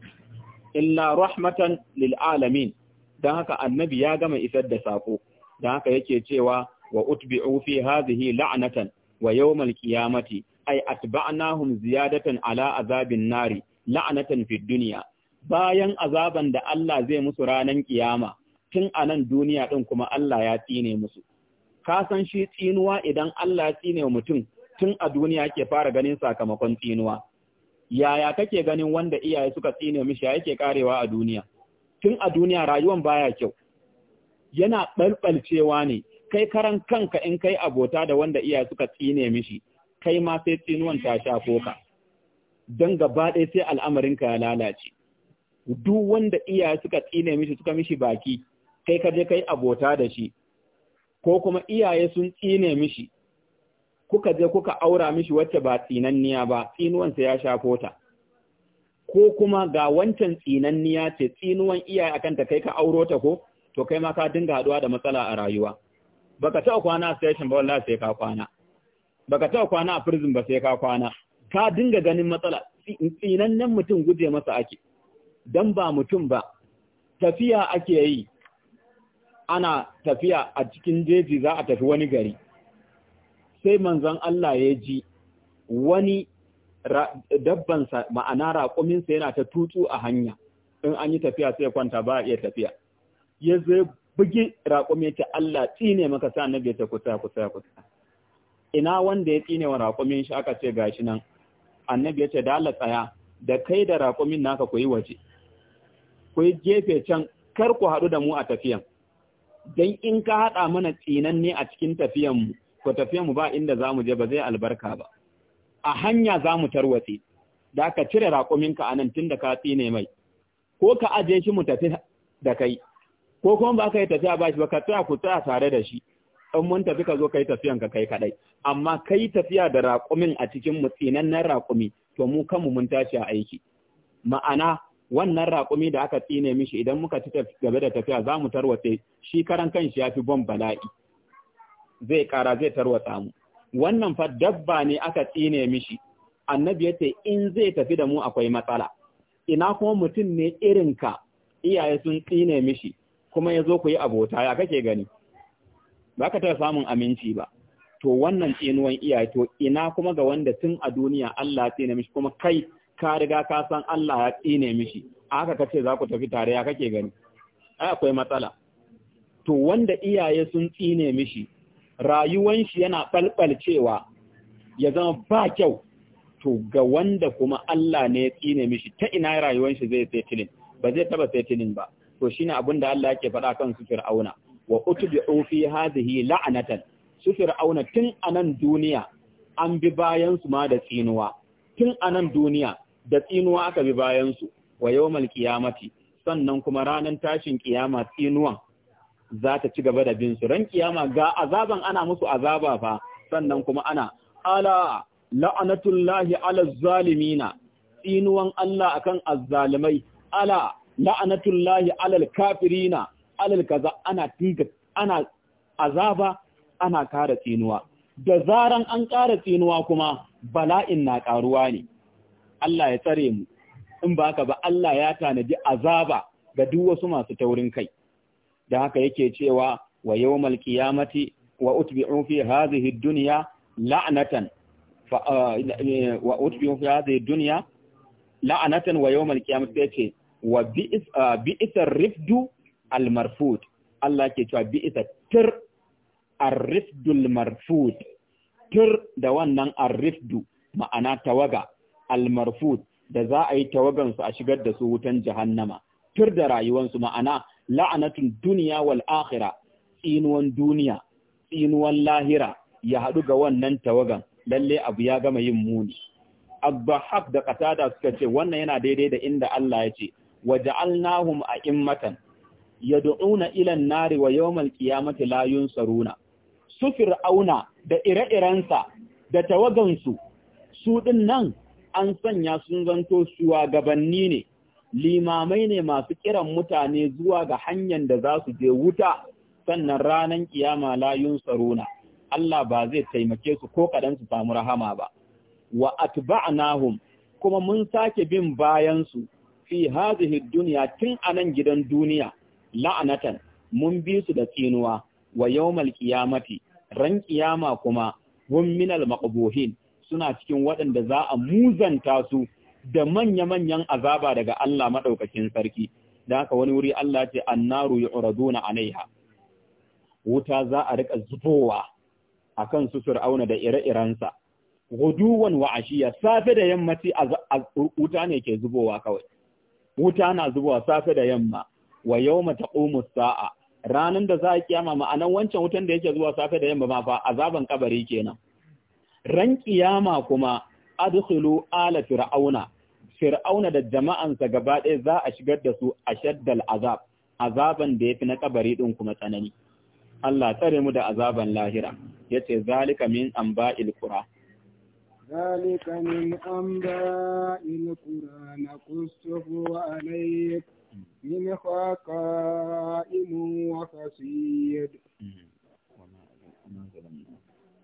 Speaker 1: illa rahmatan lil alamin dan haka annabi ya gama isar da sako dan haka yake cewa wa utbi'u fi hadhihi la'natan wa yawmal qiyamati ay atba'nahum ziyadatan ala azabin nari la'natan fid dunya bayan azaban da Allah zai musu ranan kiyama tun anan duniya din kuma Allah ya tsine musu ka san shi tsinuwa idan Allah ya tsine mutum tun a duniya ke fara ganin sakamakon tsinuwa yaya kake ganin wanda iyaye suka tsine mishi yake karewa a duniya tun a duniya rayuwan baya kyau yana ɓalɓalcewa ne kai karan kanka in kai abota da wanda iyaye suka tsine mishi kai ma sai tsinuwan ta shafo ka don gaba ɗaya sai al'amarinka ya lalace duk wanda iyaye suka tsine mishi suka mishi baki kai ka je kai abota da shi ko kuma iyaye sun tsine mishi kuka je kuka aura mishi wacce ba tsinanniya ba tsinuwansa ya shafo ta ko kuma ga wancan tsinanniya ce tsinuwan iyaye akan ta kai ka auro ta ko to kai ma ka dinga haduwa da matsala a rayuwa baka taɓa kwana a station ba wallahi sai ka kwana baka taɓa kwana a prison ba sai ka kwana ka dinga ganin matsala tsinannen mutum guje masa ake dan ba mutum ba tafiya ake yi ana tafiya a cikin jeji za a tafi wani gari sai manzon Allah ya ji wani dabbansa ma'ana raƙuminsa yana ta tutsu a hanya in an yi tafiya sai kwanta ba iya tafiya ya zai bugi raƙumi ta Allah tsine maka sa annabi ta kusa kusa kusa ina wanda ya tsine wa raƙumin shi aka ce gashi nan annabi ya ce dala tsaya da kai da raƙumin naka ku yi waje ku gefe can kar ku haɗu da mu a tafiyan dan in ka haɗa mana tsinan ne a cikin tafiyan mu ku tafiya mu ba inda za mu je ba zai albarka ba a hanya za mu tarwatse da ka cire raƙuminka a nan tun da ka tsine mai ko ka aje shi mu tafi da kai ko kuma ba ka yi tafiya ba shi ba ka tsaya ku tsaya tare da shi in mun tafi ka zo ka yi tafiyan ka kai kaɗai. amma ka yi tafiya da raƙumin a cikin mu tsinannen raƙumi to mu kanmu mun tashi a aiki ma'ana wannan raƙumi da aka tsine mishi idan muka ci gaba da tafiya za mu tarwatse shi karan kanshi ya fi bon bala'i zai kara zai tarwatsa mu wannan fa dabba ne aka tsine mishi annabi yace in zai tafi da mu akwai matsala ina kuma mutum ne irin ka iyaye sun tsine mishi kuma yazo ku yi abota ya kake gani ba ka taɓa samun aminci ba to wannan tsinuwan iyaye to ina kuma ga wanda tun a duniya Allah ya tsine mishi kuma kai ka riga ka san Allah ya tsine mishi aka kace za ku tafi tare ya kake gani ai akwai matsala to wanda iyaye sun tsine mishi rayuwan shi yana ɓalɓalcewa ya zama ba kyau to ga wanda kuma Allah ne ya tsine mishi ta ina rayuwan shi zai setilin ba zai taba fetirin ba to shine abin da Allah yake faɗa kan su Fir'auna wa utbi'u fi hadhihi la'natan su Fir'auna tun anan duniya an bi bayan su ma da tsinuwa tun anan duniya da tsinuwa aka bi bayan su wa yawmal qiyamati sannan kuma ranan tashin kiyama tsinuwan za ta ci gaba da bin su ran kiyama ga azaban ana musu azaba fa sannan kuma ana ala la'anatullahi ala zalimina tsinuwan Allah akan azzalimai ala la'anatullahi alal kafirina alal kaza ana tinka ana azaba ana kara tsinuwa da zaran an kara tsinuwa kuma bala'in na karuwa ne Allah ya tsare mu in ba ka ba Allah ya tanadi azaba ga duk wasu masu taurin kai da haka yake cewa wa yawmal qiyamati wa utbi'u fi hadhihi ad-dunya la'natan fa uh, wa utbi'u fi hadhihi ad-dunya la'natan wa yawmal qiyamati yace wa uh, bi'isa rifdu al-marfud Allah ke cewa bi'isa tir ar-rifdul marfud tir da wannan ar-rifdu ma'ana tawaga al-marfud da za a yi tawagansu a shigar da su wutan jahannama tir da rayuwansu ma'ana la'anatun duniya wal akhira tsinuwan duniya tsinuwan lahira ya haɗu ga wannan tawagan lalle abu ya gama yin muni abdahab da qatada suka ce wannan yana daidai da inda Allah ya ce waja'alnahum a'immatan yad'una ila an-nari wa yawmal qiyamati la yunsaruna su fir'auna da ire-irensa da tawagansu su din nan an sanya sun zanto gabanni ne limamai ne masu kiran mutane zuwa ga hanyar da za su je wuta sannan ranan kiyama layun tsaruna Allah ba zai taimake su ko kadan su samu rahama ba wa atba'nahum kuma mun sake bin bayan su fi hadhihi dunya tun anan gidan duniya la'anatan mun bi su da tsinuwa wa yawmal qiyamati ran kiyama kuma hum minal maqbuhin suna cikin waɗanda za a muzanta su da manya-manyan azaba daga Allah maɗaukakin sarki, da haka wani wuri Allah ce annaru ya a Na'iha" wuta za a riƙa zubowa a kan su fir'auna da ire-irensa, guduwan wa ashiya, safe da yammaci wuta ne ke zubowa kawai, wuta na zubowa safe da yamma, wa yau mata sa'a, ranar da za a kiyama ma'anan wancan wutan da yake zuwa safe da yamma ma fa azaban kabari kenan. Ran kiyama kuma, adkhulu ala fir'auna fir'auna da jama'ansa gaba ɗaya za a shigar da su a shaddal azab azaban da ya fi na ƙabari ɗin kuma tsanani Allah tsare mu da azaban lahira ya ce zalika min ba ilku'ra.
Speaker 2: zalika min anba'il qura naqsuhu alayk min khaqa'im wa qasid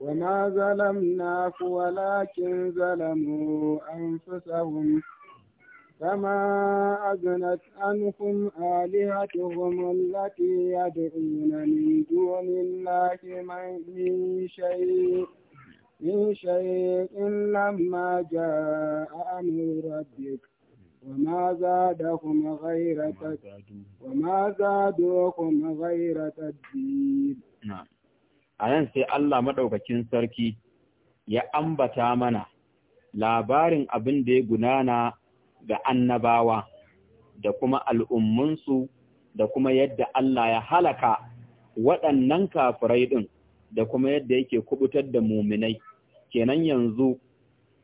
Speaker 2: وما ظلمناك ولكن ظلموا أنفسهم فما أغنت عنهم آلهتهم التي يدعون من دون الله من شيء من شيء لما جاء أمر ربك وما زادهم غير وما زادوهم غير تدبير
Speaker 3: نعم
Speaker 1: anan sai Allah madaukakin sarki ya ambata mana labarin abin da ya gunana ga annabawa da kuma al'ummunsu da kuma yadda Allah ya halaka waɗannan kafirai ɗin da kuma yadda yake kubutar da muminai. Kenan yanzu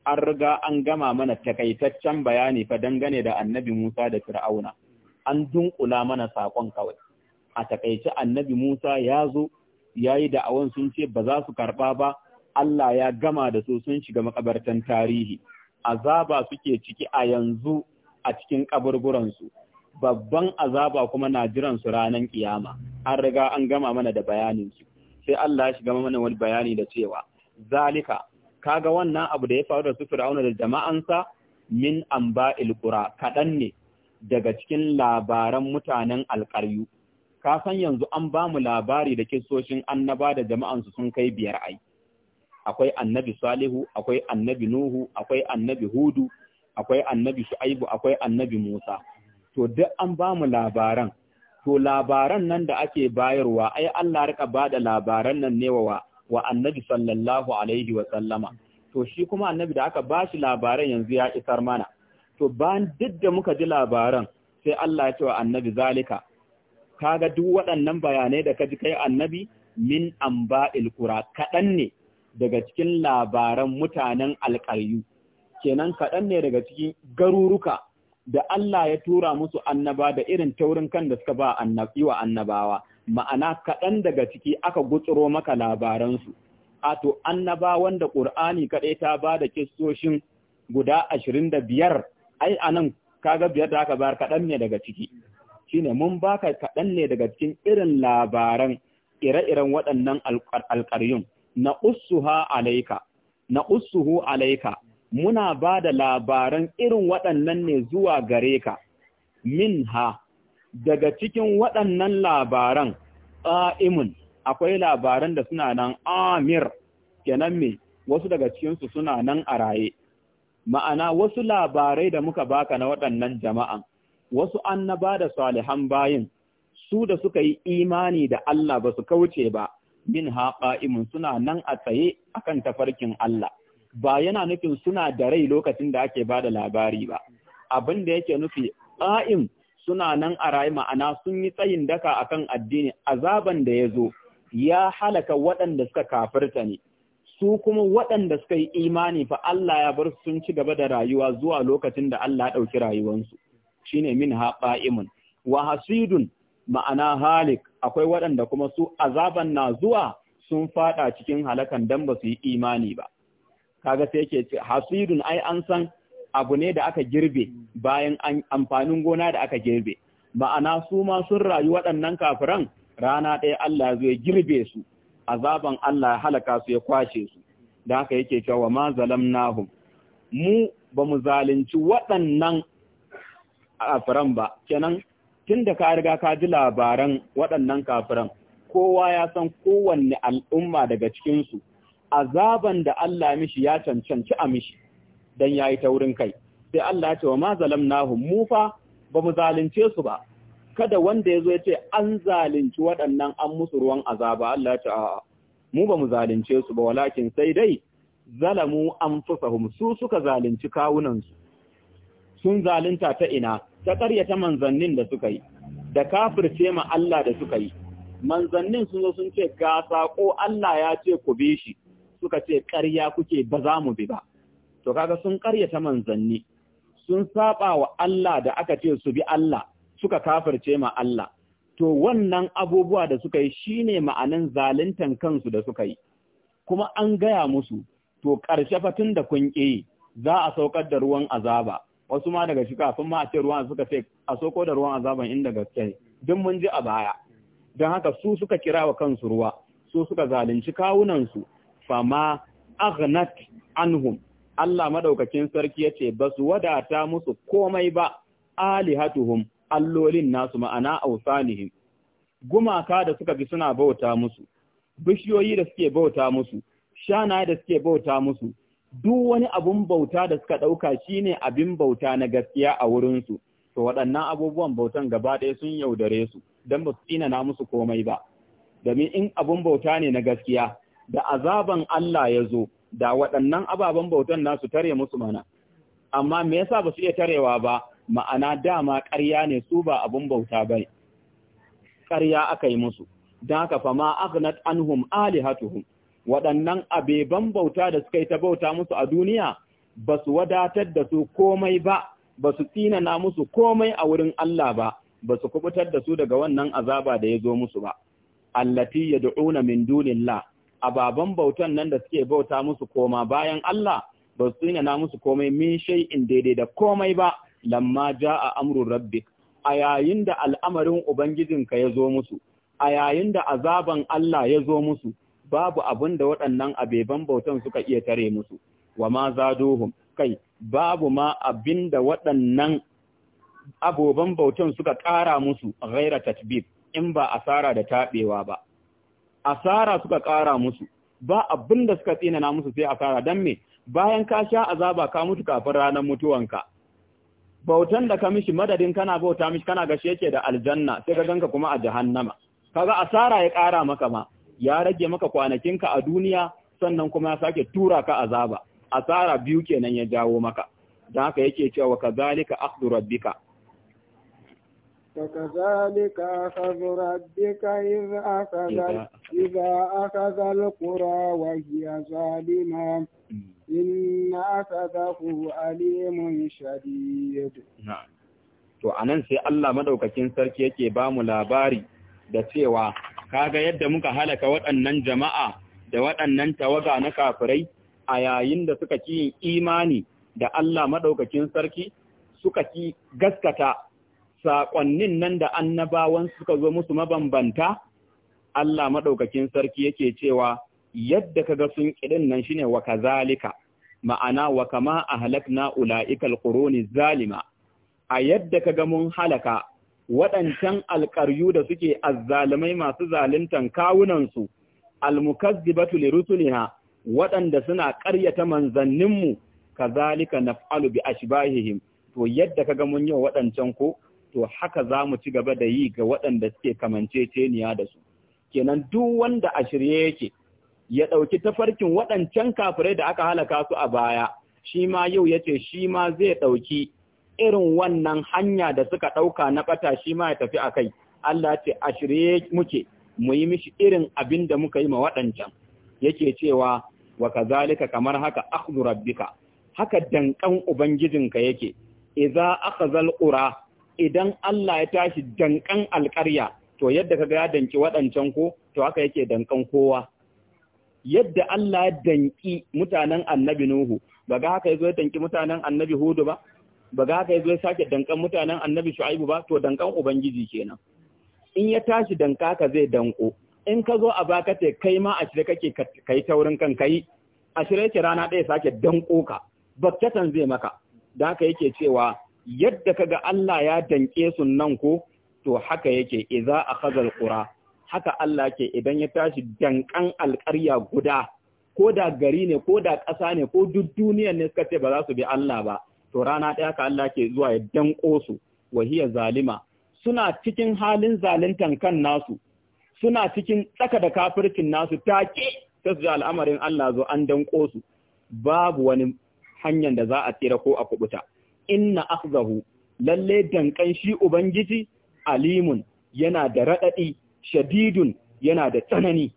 Speaker 1: an riga an gama mana takaitaccen bayani fa dangane da annabi Musa da Fir'auna. An dunkula mana saƙon kawai. A takaice annabi Musa ya zo ya yi da'awan sun ce ba za su karɓa ba, Allah ya gama da su sun shiga makabartan tarihi. azaba suke ciki a yanzu a cikin kaburburansu babban azaba kuma na jiransu ranar kiyama an riga an gama mana da bayaninsu sai Allah ya shiga mana wani bayani da cewa zalika kaga wannan abu da ya faru da su fir'auna da jama'ansa min amba'il qura kaɗan ne daga cikin labaran mutanen alƙaryu ka san yanzu an ba mu labari da kissoshin annaba da jama'ansu sun kai biyar ai akwai annabi Salihu, akwai annabi Nuhu, akwai annabi Hudu, akwai annabi Shu'aibu, akwai annabi Musa. To duk an bamu labaran, to labaran nan da ake bayarwa, ai Allah rika ba da labaran nan ne wa wa annabi sallallahu alaihi wa sallama. To shi kuma annabi da aka ba shi labaran yanzu ya isar mana. To ban duk da muka ji labaran, sai Allah ya ce wa annabi zalika, kaga duk waɗannan bayanai da ka ji kai annabi min amba'il kura kaɗan ne daga cikin labaran mutanen alƙaryu kenan kaɗan ne daga cikin garuruka da Allah ya tura musu annaba da irin taurin kan da suka ba annabi wa annabawa ma'ana kaɗan daga ciki aka gutsuro maka labaransu a to annaba wanda ƙur'ani kaɗai ta ba da kistoshin guda ashirin da biyar ai a nan kaga biyar da aka bayar kaɗan ne daga ciki Shi ne mun baka kaɗan ne daga cikin irin labaran ire-iren waɗannan alƙaryun na ussuha alaika na ussuhu alaika muna ba da labaran irin waɗannan ne zuwa gare ka minha daga cikin waɗannan labaran ƙa’imun akwai labaran da suna nan amir kenan me wasu daga cikinsu suna nan a raye ma'ana wasu labarai da muka baka na waɗannan jama'an wasu ba da salihan bayin su da suka yi imani da Allah ba su kauce ba min ha imin suna nan a tsaye akan tafarkin Allah. Ba yana nufin suna da rai lokacin da ake ba da labari ba, abin da yake nufi ƙa'im suna nan a rayu ma'ana sun yi tsayin daka akan addini azaban da ya zo ya halaka waɗanda suka kafirta ne su kuma waɗanda suka yi imani fa Allah ya bar sun ci gaba da rayuwa zuwa lokacin da Allah ya ɗauki rayuwansu shine min haƙa'imun wa hasidun ma'ana halik akwai waɗanda kuma su azaban na zuwa sun faɗa cikin halakan dan ba su yi imani ba kaga sai yake ce hasidun ai an san abu ne da aka girbe bayan amfanin gona da aka girbe ma'ana su ma sun rayu waɗannan kafiran rana ɗaya Allah zai girbe su azaban Allah ya halaka su ya kwashe su da haka yake cewa ma zalamnahum mu ba mu zalunci waɗannan kafiran ba kenan tun da ka riga ka ji labaran waɗannan kafiran kowa ya san kowanne al'umma daga cikinsu azaban da Allah mishi ya cancanci a mishi don ya yi taurin kai sai Allah ya ce wa ma zalamnahum mu fa ba mu zalunce su ba kada wanda ya zo ya ce an zalunci waɗannan an musu ruwan azaba Allah ya ce a mu ba mu zalunce su ba walakin sai dai zalamu anfusahum su suka zalunci kawunansu sun zalunta ta ina ta ƙaryata manzannin da suka yi da ce ma Allah da suka yi manzannin sun zo sun ce ga saƙo Allah ya ce ku bi shi suka ce ƙarya kuke ba za mu bi ba to kaga sun ƙaryata manzanni sun saɓa wa Allah da aka ce su bi Allah suka ce ma Allah to wannan abubuwa da suka yi shi ne ma'anin zaluntan kansu da suka yi kuma an gaya musu to ƙarshe fatun da kun ƙi za a saukar da ruwan azaba wasu ma daga shi kafin ma a ce ruwan suka ce a soko da ruwan azaban inda gaske ne duk mun ji a baya don haka su suka kira wa kansu ruwa su suka zalunci kawunansu fama aghnat anhum Allah madaukakin sarki yace ba su wadata musu komai ba alihatuhum allolin nasu ma'ana ausanihim gumaka da suka bi suna bauta musu bishiyoyi da suke bauta musu shanaye da suke bauta musu duk wani abun bauta da suka ɗauka shine abin bauta na gaskiya a wurinsu, to waɗannan abubuwan bautan gaba ɗaya sun yaudare su, don ba su tsinana musu komai ba. Domin in abun bauta ne na gaskiya, da azaban Allah ya zo, da waɗannan ababen bautan nasu tare musu mana. Amma me yasa ba su iya tarewa ba, ma'ana dama ƙarya ne su ba abun bauta ba ƙarya aka yi musu. Don haka fa ma aghnat anhum alihatuhum waɗannan abeban bauta da suka yi ta bauta musu a duniya ba su wadatar da su komai ba ba su tsinana musu komai a wurin Allah ba ba su kubutar da su daga wannan azaba da ya zo musu ba allati yad'una min dunillah ababan bautan nan da suke bauta musu koma bayan Allah ba su tsinana musu komai min shay'in daidai da komai ba lamma a amru Rabbi. a yayin da al'amarin ubangijinka ya zo musu a yayin da azaban Allah ya zo musu babu abin da waɗannan abeban bautan suka iya tare musu wa ma zaduhum kai babu ma abin da waɗannan abubban bautan suka ƙara musu ghaira tatbib in ba asara da taɓewa ba asara suka ƙara musu ba abin da suka tsinana musu sai asara Don me bayan ka sha azaba ka mutu kafin ranar mutuwanka bautan da ka mishi madadin kana bauta mishi kana gashi yake da aljanna sai ka ganka kuma a jahannama kaga asara ya ƙara maka ma ya rage maka kwanakinka a duniya sannan kuma ya sake tura ka azaba asara biyu kenan ya jawo maka don haka yake cewa kazalika akhdhu rabbika
Speaker 2: أخذ ربك أخذ, إذا أخذ القرى وهي ظالمة إن أخذه أليم شديد
Speaker 1: نعم to anan sai Allah madaukakin sarki yake ba mu labari da cewa kaga yadda muka halaka waɗannan jama'a da waɗannan tawaga na kafirai a yayin da suka ki yin imani da Allah maɗaukakin sarki suka ki gaskata saƙonnin nan da annabawan suka zo musu mabambanta Allah maɗaukakin sarki yake cewa yadda kaga sun ƙiɗin nan shi ne wa kazalika ma'ana wa kama a halakna ula'ikal quruni zalima a yadda ka ga mun halaka waɗancan alƙaryu da suke azzalumai masu zaluntan kawunansu almukazzibatu lirusuliha waɗanda suna ƙaryata manzanninmu kazalika naf'alu bi ashbahihim to yadda kaga mun yi waɗancan ko to haka za mu ci gaba da yi ga waɗanda suke kamanceceniya da su kenan duk wanda a shirye yake ya ɗauki tafarkin waɗancan kafirai da aka halaka su a baya shi ma yau ya ce shi ma zai ɗauki irin wannan hanya da suka ɗauka na ɓata shi ma ya tafi a kai, Allah ce a shirye muke, mu yi mishi irin abin da muka yi ma waɗancan, yake cewa wa kazalika kamar haka akhdhu rabbika haka dankan ubangijinka yake idza akhazal qura idan Allah ya tashi dankan alƙarya to yadda kaga ya danki waɗancan ko to haka yake dankan kowa yadda Allah ya danki mutanen annabi nuhu ba ga haka yazo ya danki mutanen annabi hudu ba ba ga haka yazo ya sake dankan mutanen annabi shu'aibu ba to dankan ubangiji kenan in ya tashi danka ka zai danko in ka zo a baka ce kai ma a shirye kake kai taurin kan kai a shirye rana ɗaya sake danko ka bakkatan zai maka da haka yake cewa yadda ka ga Allah ya danke su nan ko to haka yake idza akhadha alqura haka Allah ke idan ya tashi dankan alƙarya guda ko da gari ne ko da ƙasa ne ko duk duniyar ne suka ce ba za su bi Allah ba to rana ɗaya ka Allah ke zuwa ya danko su wahiya zalima suna cikin halin zaluntan kan nasu suna cikin tsaka da kafircin nasu take ta su al'amarin Allah zo an danko su babu wani hanyar da za a tsira ko a kubuta inna akhzahu lalle dankan shi ubangiji alimun yana da raɗaɗi, shadidun yana da tsanani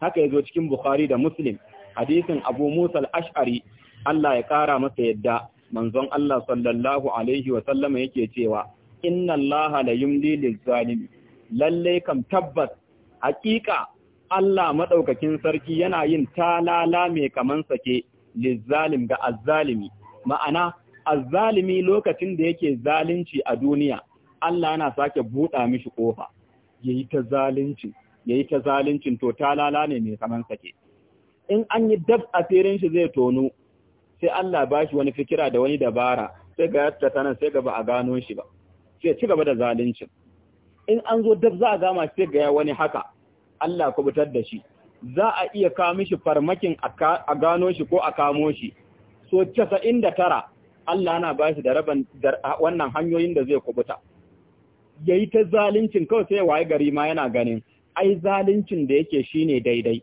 Speaker 1: haka yazo cikin bukhari da muslim hadisin abu Musal ashari Allah ya kara masa yadda manzon Allah sallallahu alaihi wa sallama yake cewa inna Allah la yumli zalim lalle kam tabbas hakika Allah madaukakin sarki yana yin talala mai kaman sake lizzalim ga azzalimi ma'ana azzalimi lokacin da yake zalunci a duniya Allah yana sake buɗa mishi kofa yayi ta zalunci yayi ta zaluncin to talala ne mai kaman sake in an yi dab asirin shi zai tono sai Allah ba shi wani fikira da wani dabara sai ga yadda ta sai ga ba a gano shi ba sai ci gaba da zalincin in an zo dab za a gama sai ga ya wani haka Allah kubutar da shi za a iya kawo mishi farmakin a gano shi ko a kamo shi so 99 Allah na ba shi da raban wannan hanyoyin da zai kubuta yayi ta zalincin kawai sai waye gari ma yana ganin ai zalincin da yake shine daidai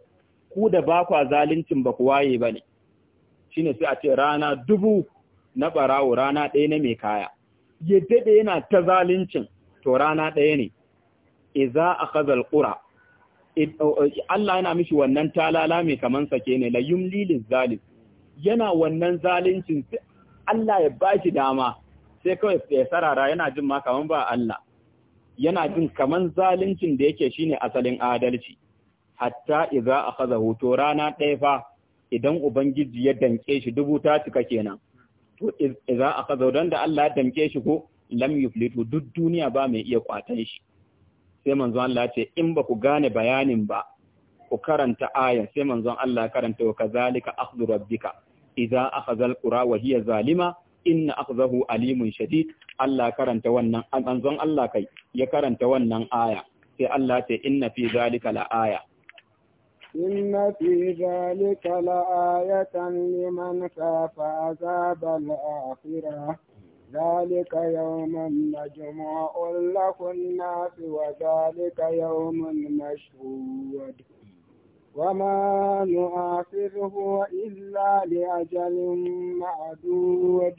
Speaker 1: ku da ba kwa zalincin ba ku waye bane shine sai a ce rana dubu na barawo rana ɗaya na mai kaya Yadda da yana ta zalincin to rana ɗaya ne iza akhadha ƙura. Allah yana mishi wannan talala mai kaman sake ne la yumli zalim. yana wannan zalincin Allah ya bashi dama sai kawai ya sarara yana jin ma kaman ba Allah yana jin kaman zalincin da yake shine asalin adalci hatta iza kaza to rana ɗaya fa idan ubangiji ya danke shi dubu ta cika kenan to za a ka zaudan da Allah ya danke shi ko lam yuflitu duk duniya ba mai iya kwatan shi sai manzo Allah ce in ba ku gane bayanin ba ku karanta ayan sai manzo Allah karanta wa kazalika akhdhu rabbika idza akhadha alqura wa hiya zalima inna akhdahu alimun shadid Allah karanta wannan Allah kai ya karanta wannan aya sai Allah ce inna fi zalika la aya
Speaker 2: إن في ذلك لآية لمن خاف عذاب الآخرة ذلك يوم مجموع له الناس وذلك يوم مشهود وما نؤاخذه إلا لأجل معدود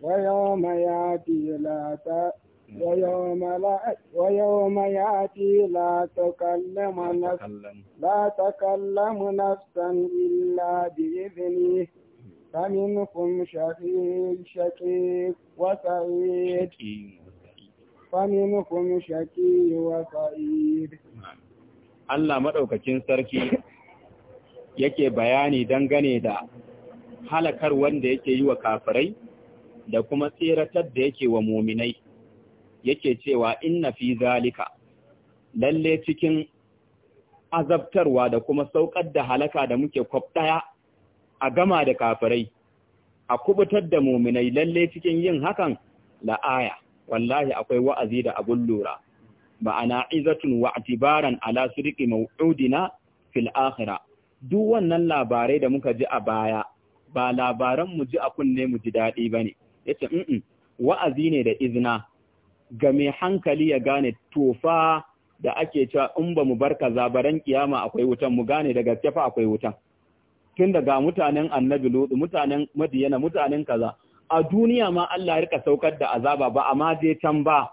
Speaker 2: ويوم يأتي لا ويوم لا ويوم يأتي لا تكلم نفس لا تكلم نفسا إلا بإذنه فمنهم شقي شقي وسعيد فمنهم
Speaker 1: maɗaukacin sarki yake bayani dangane da halakar wanda yake yi wa kafirai da kuma tseratar da yake wa muminai. yake cewa inna fi zalika lalle cikin azabtarwa da kuma saukar da halaka da muke kwab daya a gama da kafirai a kubutar da muminai lalle cikin yin hakan la'aya wallahi akwai wa'azi da abun lura ma'ana izatun wa atibaran ala sirqi maw'udina fil akhirah duk wannan labarai da muka ji a baya ba labaran mu ji a kunne mu ji dadi bane yace mm wa'azi ne da izina ga mai hankali ya gane tofa da ake cewa in ba mu bar kaza ba, ran kiyama akwai wutan mu gane da gaske fa akwai wutan tun daga mutanen annabi lutu mutanen madiyana mutanen kaza a duniya ma Allah ya rika saukar da azaba ba amma je can ba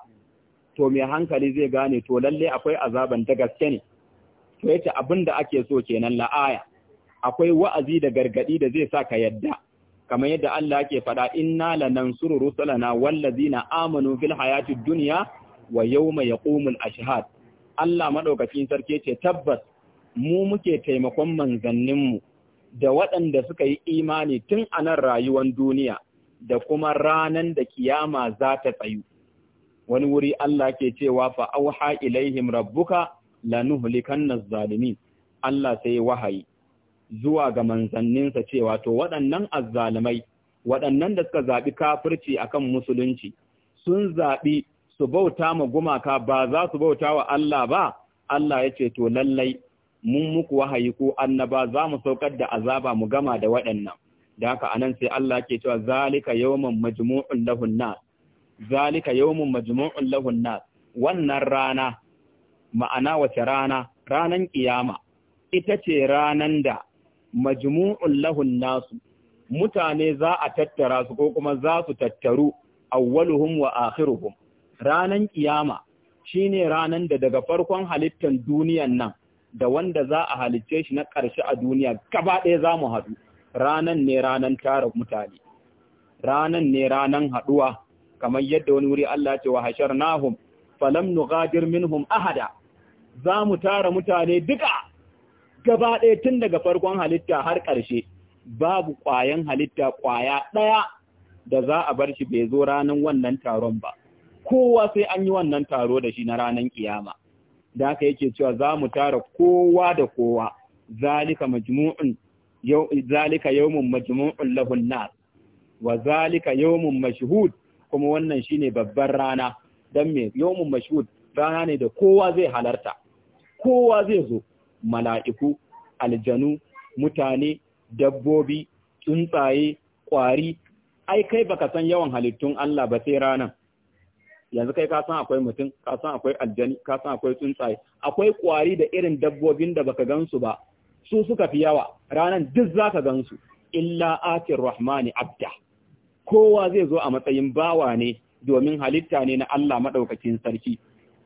Speaker 1: to mai hankali zai gane to lalle akwai azaban da gaske ne to yace abinda ake so kenan la'aya akwai wa'azi da gargadi da zai sa ka yadda kamar yadda Allah ke faɗa inna lanansuru rusulana wallazina amanu fil hayatid dunya wa yawma yaqumul ashhad Allah madaukakin sarki ce tabbas mu muke taimakon manzanninmu da waɗanda suka yi imani tun a nan rayuwar duniya da kuma ranan da kiyama za ta tsayu wani wuri Allah ke cewa fa auha ilaihim rabbuka lanuhlikanna zalimin Allah sai wahayi zuwa ga manzanninsa cewa to waɗannan azzalumai waɗannan da suka zaɓi kafirci akan musulunci sun zaɓi su bauta ma gumaka ba za su bauta wa Allah ba Allah ya ce to lallai mun muku wahayi ko annaba za mu saukar da azaba mu gama da waɗannan da haka anan sai Allah ke cewa zalika yawmun majmu'un lahun nas zalika yawmun majmu'un lahun nas wannan rana ma'ana wace rana ranan kiyama ita ce ranan da majmu'un lahun nasu mutane za a tattara su ko kuma za su tattaru awwaluhum wa akhiruhum ranan kiyama shine ranan da daga farkon halittar duniyan nan da wanda za a halicce shi na ƙarshe a duniya gaba ɗaya za mu haɗu ranan ne ranan tara mutane ranan ne ranan haɗuwa kamar yadda wani wuri Allah ce wa hasharnahum falam nughadir minhum ahada za mu tara mutane duka gaba ɗaya tun daga farkon halitta har ƙarshe babu ƙwayan halitta ƙwaya ɗaya da za a bar shi bai zo ranar wannan taron ba kowa sai an yi wannan taro da shi na ranar kiyama da haka yake cewa za mu tara kowa da kowa zalika majmu'un zalika yawmun majmu'un lahun nas wa zalika yawmun mashhud kuma wannan shine babbar rana dan me yawmun mashhud rana ne da kowa zai halarta kowa zai zo mala'iku, aljanu, mutane, dabbobi, tsuntsaye, ƙwari, ai kai baka san yawan halittun Allah ba sai ranan. Yanzu kai ka san akwai mutum, ka san akwai aljani, ka san akwai tsuntsaye, akwai ƙwari da irin dabbobin da baka gansu ba, su suka fi yawa, ranan duk za ka gansu, illa atin rahmani abda. Kowa zai zo a matsayin bawa ne domin halitta ne na Allah maɗaukakin sarki,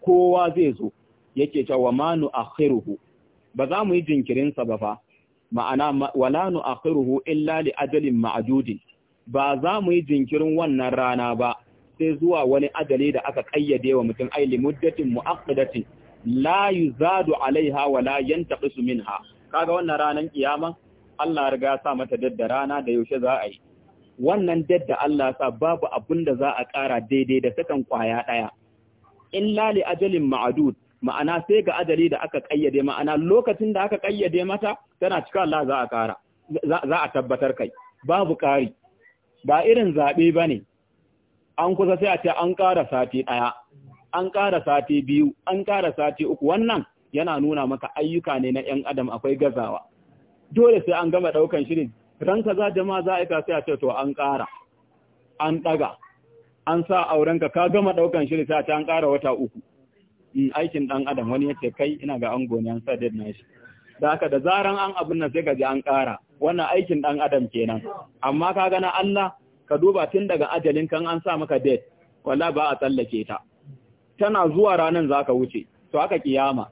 Speaker 1: kowa zai zo, yake cewa manu akhiruhu ba za mu yi jinkirinsa ba fa ma'ana wala nu akhiruhu illa li ajalin ma'dudin ba za mu yi jinkirin wannan rana ba sai zuwa wani ajali da aka kayyade wa mutum ai li muddatin mu'aqqadatin la yuzadu alaiha wa la yantaqisu minha kaga wannan ranan kiyama Allah riga sa mata dadda rana da yaushe za a yi wannan dadda Allah sa babu abinda za a ƙara daidai da sakan kwaya daya illa li ajalin ma'dud ma'ana sai ga ajali da aka kayyade ma'ana lokacin da aka kayyade mata tana cika Allah za a kara za a tabbatar kai babu kari ba irin zabe bane an kusa sai a ce an kara sati daya an kara sati biyu an kara sati uku wannan yana nuna maka ayyuka ne na yan adam akwai gazawa dole sai an gama daukan shirin ranka za jama'a za a sai a ce to an kara an daga an sa aurenka ka gama daukan shirin sai a ce an kara wata uku aikin dan adam wani yace kai ina ga ango ne an sa dead na shi da haka da zaran an abin nan sai gaji an ƙara wannan aikin dan adam kenan amma ka gana Allah ka duba tun daga ajalin kan an sa maka dead walla ba a tsallake ta tana zuwa ranan zaka wuce to haka kiyama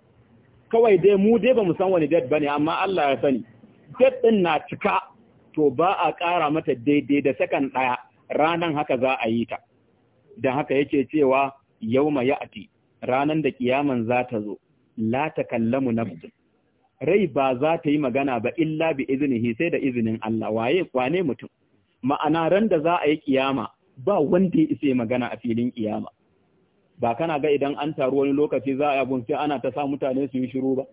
Speaker 1: kawai dai mu dai bamu san wani dead bane amma Allah ya sani dead din na cika to ba a ƙara mata daidai da sakan daya ranan haka za a yi ta dan haka yake cewa yauma ya'ti ranan da kiyaman za ta zo la ta kallamu nafsun rai ba za ta yi magana ba illa bi iznihi sai da izinin Allah waye kwane mutum ma'ana ran da za a yi kiyama ba wanda ya isa magana a filin kiyama ba kana ga idan an taru wani lokaci za a yi sai ana ta sa mutane su yi shiru ba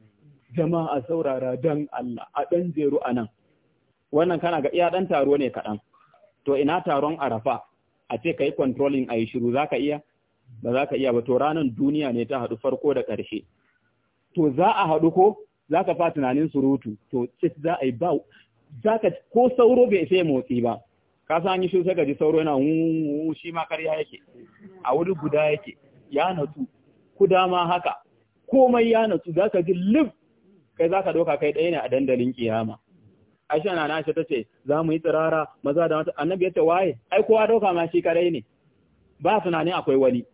Speaker 1: jama'a saurara dan Allah a dan a nan. wannan kana ga iya ɗan taro ne kaɗan to ina taron arafa a ce ka yi controlling a yi shiru za ka iya ba za ka iya ba to ranar duniya ne ta haɗu farko da ƙarshe to za a haɗu ko za ka fa tunanin surutu to za a yi ba za ka ko sauro bai sai motsi ba ka san an yi shi sai ka ji sauro yana wuuu shi ma karya yake a wuri guda yake ya natsu Ku dama haka komai ya natsu za ka ji lif kai za ka ɗauka kai ɗaya ne a dandalin kiyama Aisha na Aisha ta ce, za mu yi tsirara maza da mata, annabi ya ce waye, ai kowa ɗauka ma shi kadai ne, ba tunanin akwai wani.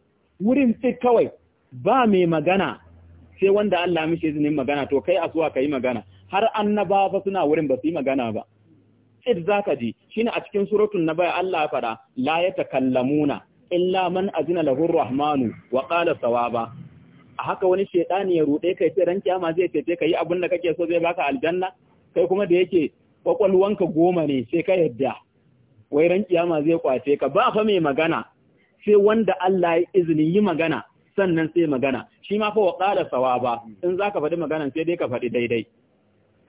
Speaker 1: wurin sai kawai ba mai magana sai wanda Allah mishi izinin magana to kai a ka yi magana har annaba ba suna wurin ba su yi magana ba tsit zaka ji shine a cikin surutun na naba Allah ya fada la yatakallamuna illa man azina lahu rahmanu wa qala sawaba a haka wani shedani ya rude kai sai ran kiyama zai tete kai abin da kake so zai baka aljanna kai kuma da yake kwakwalwanka goma ne sai ka yadda wai ran kiyama zai kwace ka ba fa mai magana sai wanda Allah ya izini yi magana sannan sai magana shi ma fa wa qala sawaba in zaka faɗi magana sai dai ka faɗi daidai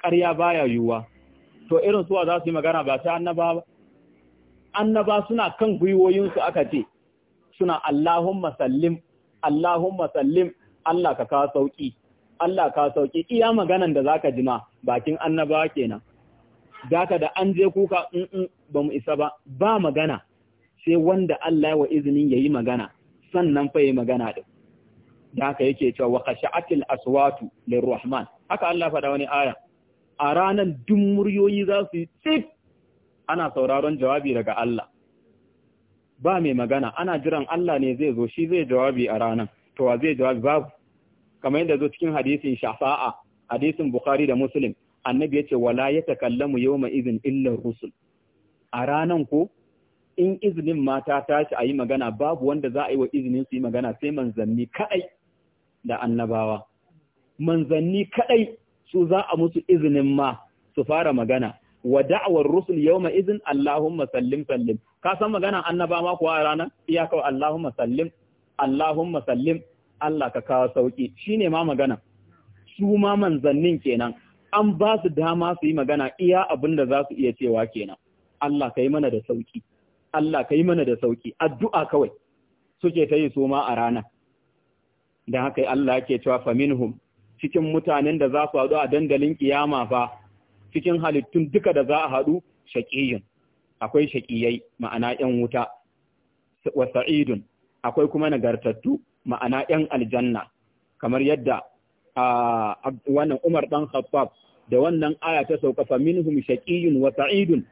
Speaker 1: ƙarya baya yuwa to irin suwa za su yi magana ba sai annaba ba annaba suna kan gwiwoyinsu aka ce suna Allahumma sallim Allahumma sallim Allah ka ka sauki Allah ka sauki iya maganan da zaka ji ma bakin annaba kenan zaka da an je kuka in ba mu isa ba ba magana sai wanda Allah ya wa izinin yi magana sannan fa yi magana din da haka yake cewa wa khashatil aswatu lirrahman haka Allah faɗa wani aya a ranan duk muryoyi za su yi tsif ana sauraron jawabi daga Allah ba mai magana ana jiran Allah ne zai zo shi zai jawabi a ranan to wa zai jawabi babu kamar yadda zo cikin hadisin shafa'a hadisin bukhari da muslim annabi ya ce, wala yatakallamu yawma idhin illa rusul a ranan ko in izinin mata tashi a yi magana babu wanda za a yi wa izinin su yi magana sai manzanni kaɗai da annabawa. Manzanni kaɗai su za a musu izinin ma su fara magana. Wa da'awar rusul yau ma izin Allahumma sallim sallim. Ka san magana annaba ma kuwa rana? ranar? Iya kawai Allahumma sallim, Allahumma sallim, Allah ka kawo sauƙi. Shi ne ma magana. Su ma manzannin kenan. An ba su dama su yi magana iya abin da za su iya cewa kenan. Allah ka yi mana da sauƙi. Allah ka yi mana da sauƙi, addu'a kawai suke ta yi suma a rana da haka Allah ke cewa faminhum cikin mutanen da za su haɗu a dandalin kiyama fa cikin halittun duka da za a haɗu shaƙiyin akwai shaƙiyai ma'ana ‘yan wuta wa sa'idun akwai kuma nagartattu ma'ana ‘yan aljanna kamar yadda wannan Umar ɗan Khattab da wannan aya ta sauka faminhum minhum wa sa'idun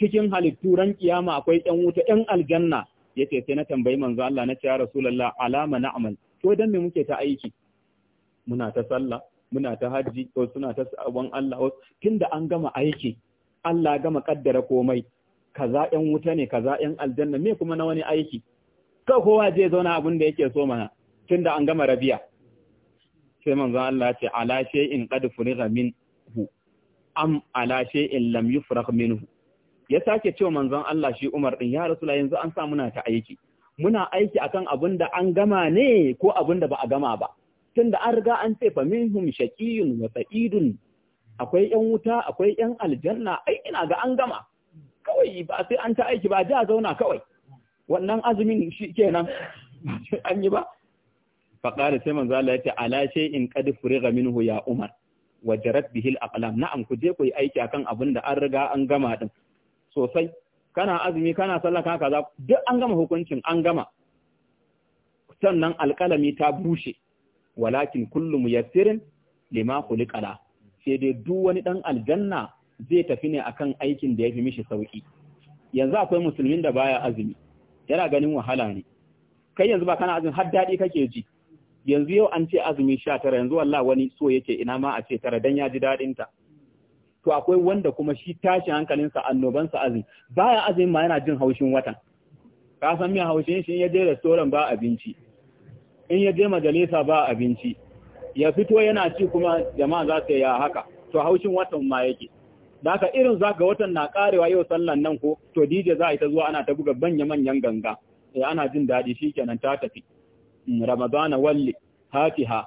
Speaker 1: cikin halittu ran kiyama akwai ƴan wuta ƴan aljanna yace sai na tambayi manzo Allah na cewa ya rasulullah alama amal to dan me muke ta aiki muna ta sallah muna ta hajji ko suna ta sabon Allah tunda an gama aiki Allah gama kaddara komai kaza ƴan wuta ne kaza ƴan aljanna me kuma na wani aiki ka kowa zai zauna abin da yake so mana tunda an gama rabiya sai manzo Allah ya ce ala shay'in qad furiga minhu am ala shay'in lam yufrag minhu ya sake cewa manzon Allah shi Umar din ya Rasulullah yanzu an sa muna ta aiki muna aiki akan abin da an gama ne ko abin da ba a gama ba tunda an riga an ce fa minhum shaqiyun wa sa'idun akwai yan wuta akwai yan aljanna ai ina ga an gama kawai ba sai an ta aiki ba ja zauna kawai wannan azumin shi kenan an yi ba qala sai manzo Allah ya ce ala in qad furiga minhu ya umar wajarat bihil aqlam na'am ku je ku aiki akan abin da an riga an gama din sosai kana azumi kana sallah kana kaza duk an gama hukuncin an gama sannan alƙalami ta bushe walakin kullu muyassirin lima khuliqala sai dai duk wani dan aljanna zai tafi ne akan aikin da ya fi mishi sauki yanzu akwai musulmin da baya azumi yana ganin wahala ne kai yanzu ba kana azumi har daɗi kake ji yanzu yau an ce azumi sha tara, yanzu wallahi wani so yake ina ma a ce tara dan ya ji daɗinta. ta to akwai wanda kuma shi tashi hankalinsa annobansa azumi baya azumi ma yana jin haushin watan ka san min haushin shi ya je restaurant ba abinci in ya je majalisa ba abinci ya fito yana ci kuma jama'a za su ya haka to haushin watan ma yake da haka irin zaka watan na karewa yau sallan nan ko to DJ za a ita zuwa ana ta buga banya manyan ganga sai eh, ana jin dadi shikenan ta tafi mm, Ramadana walli Fatiha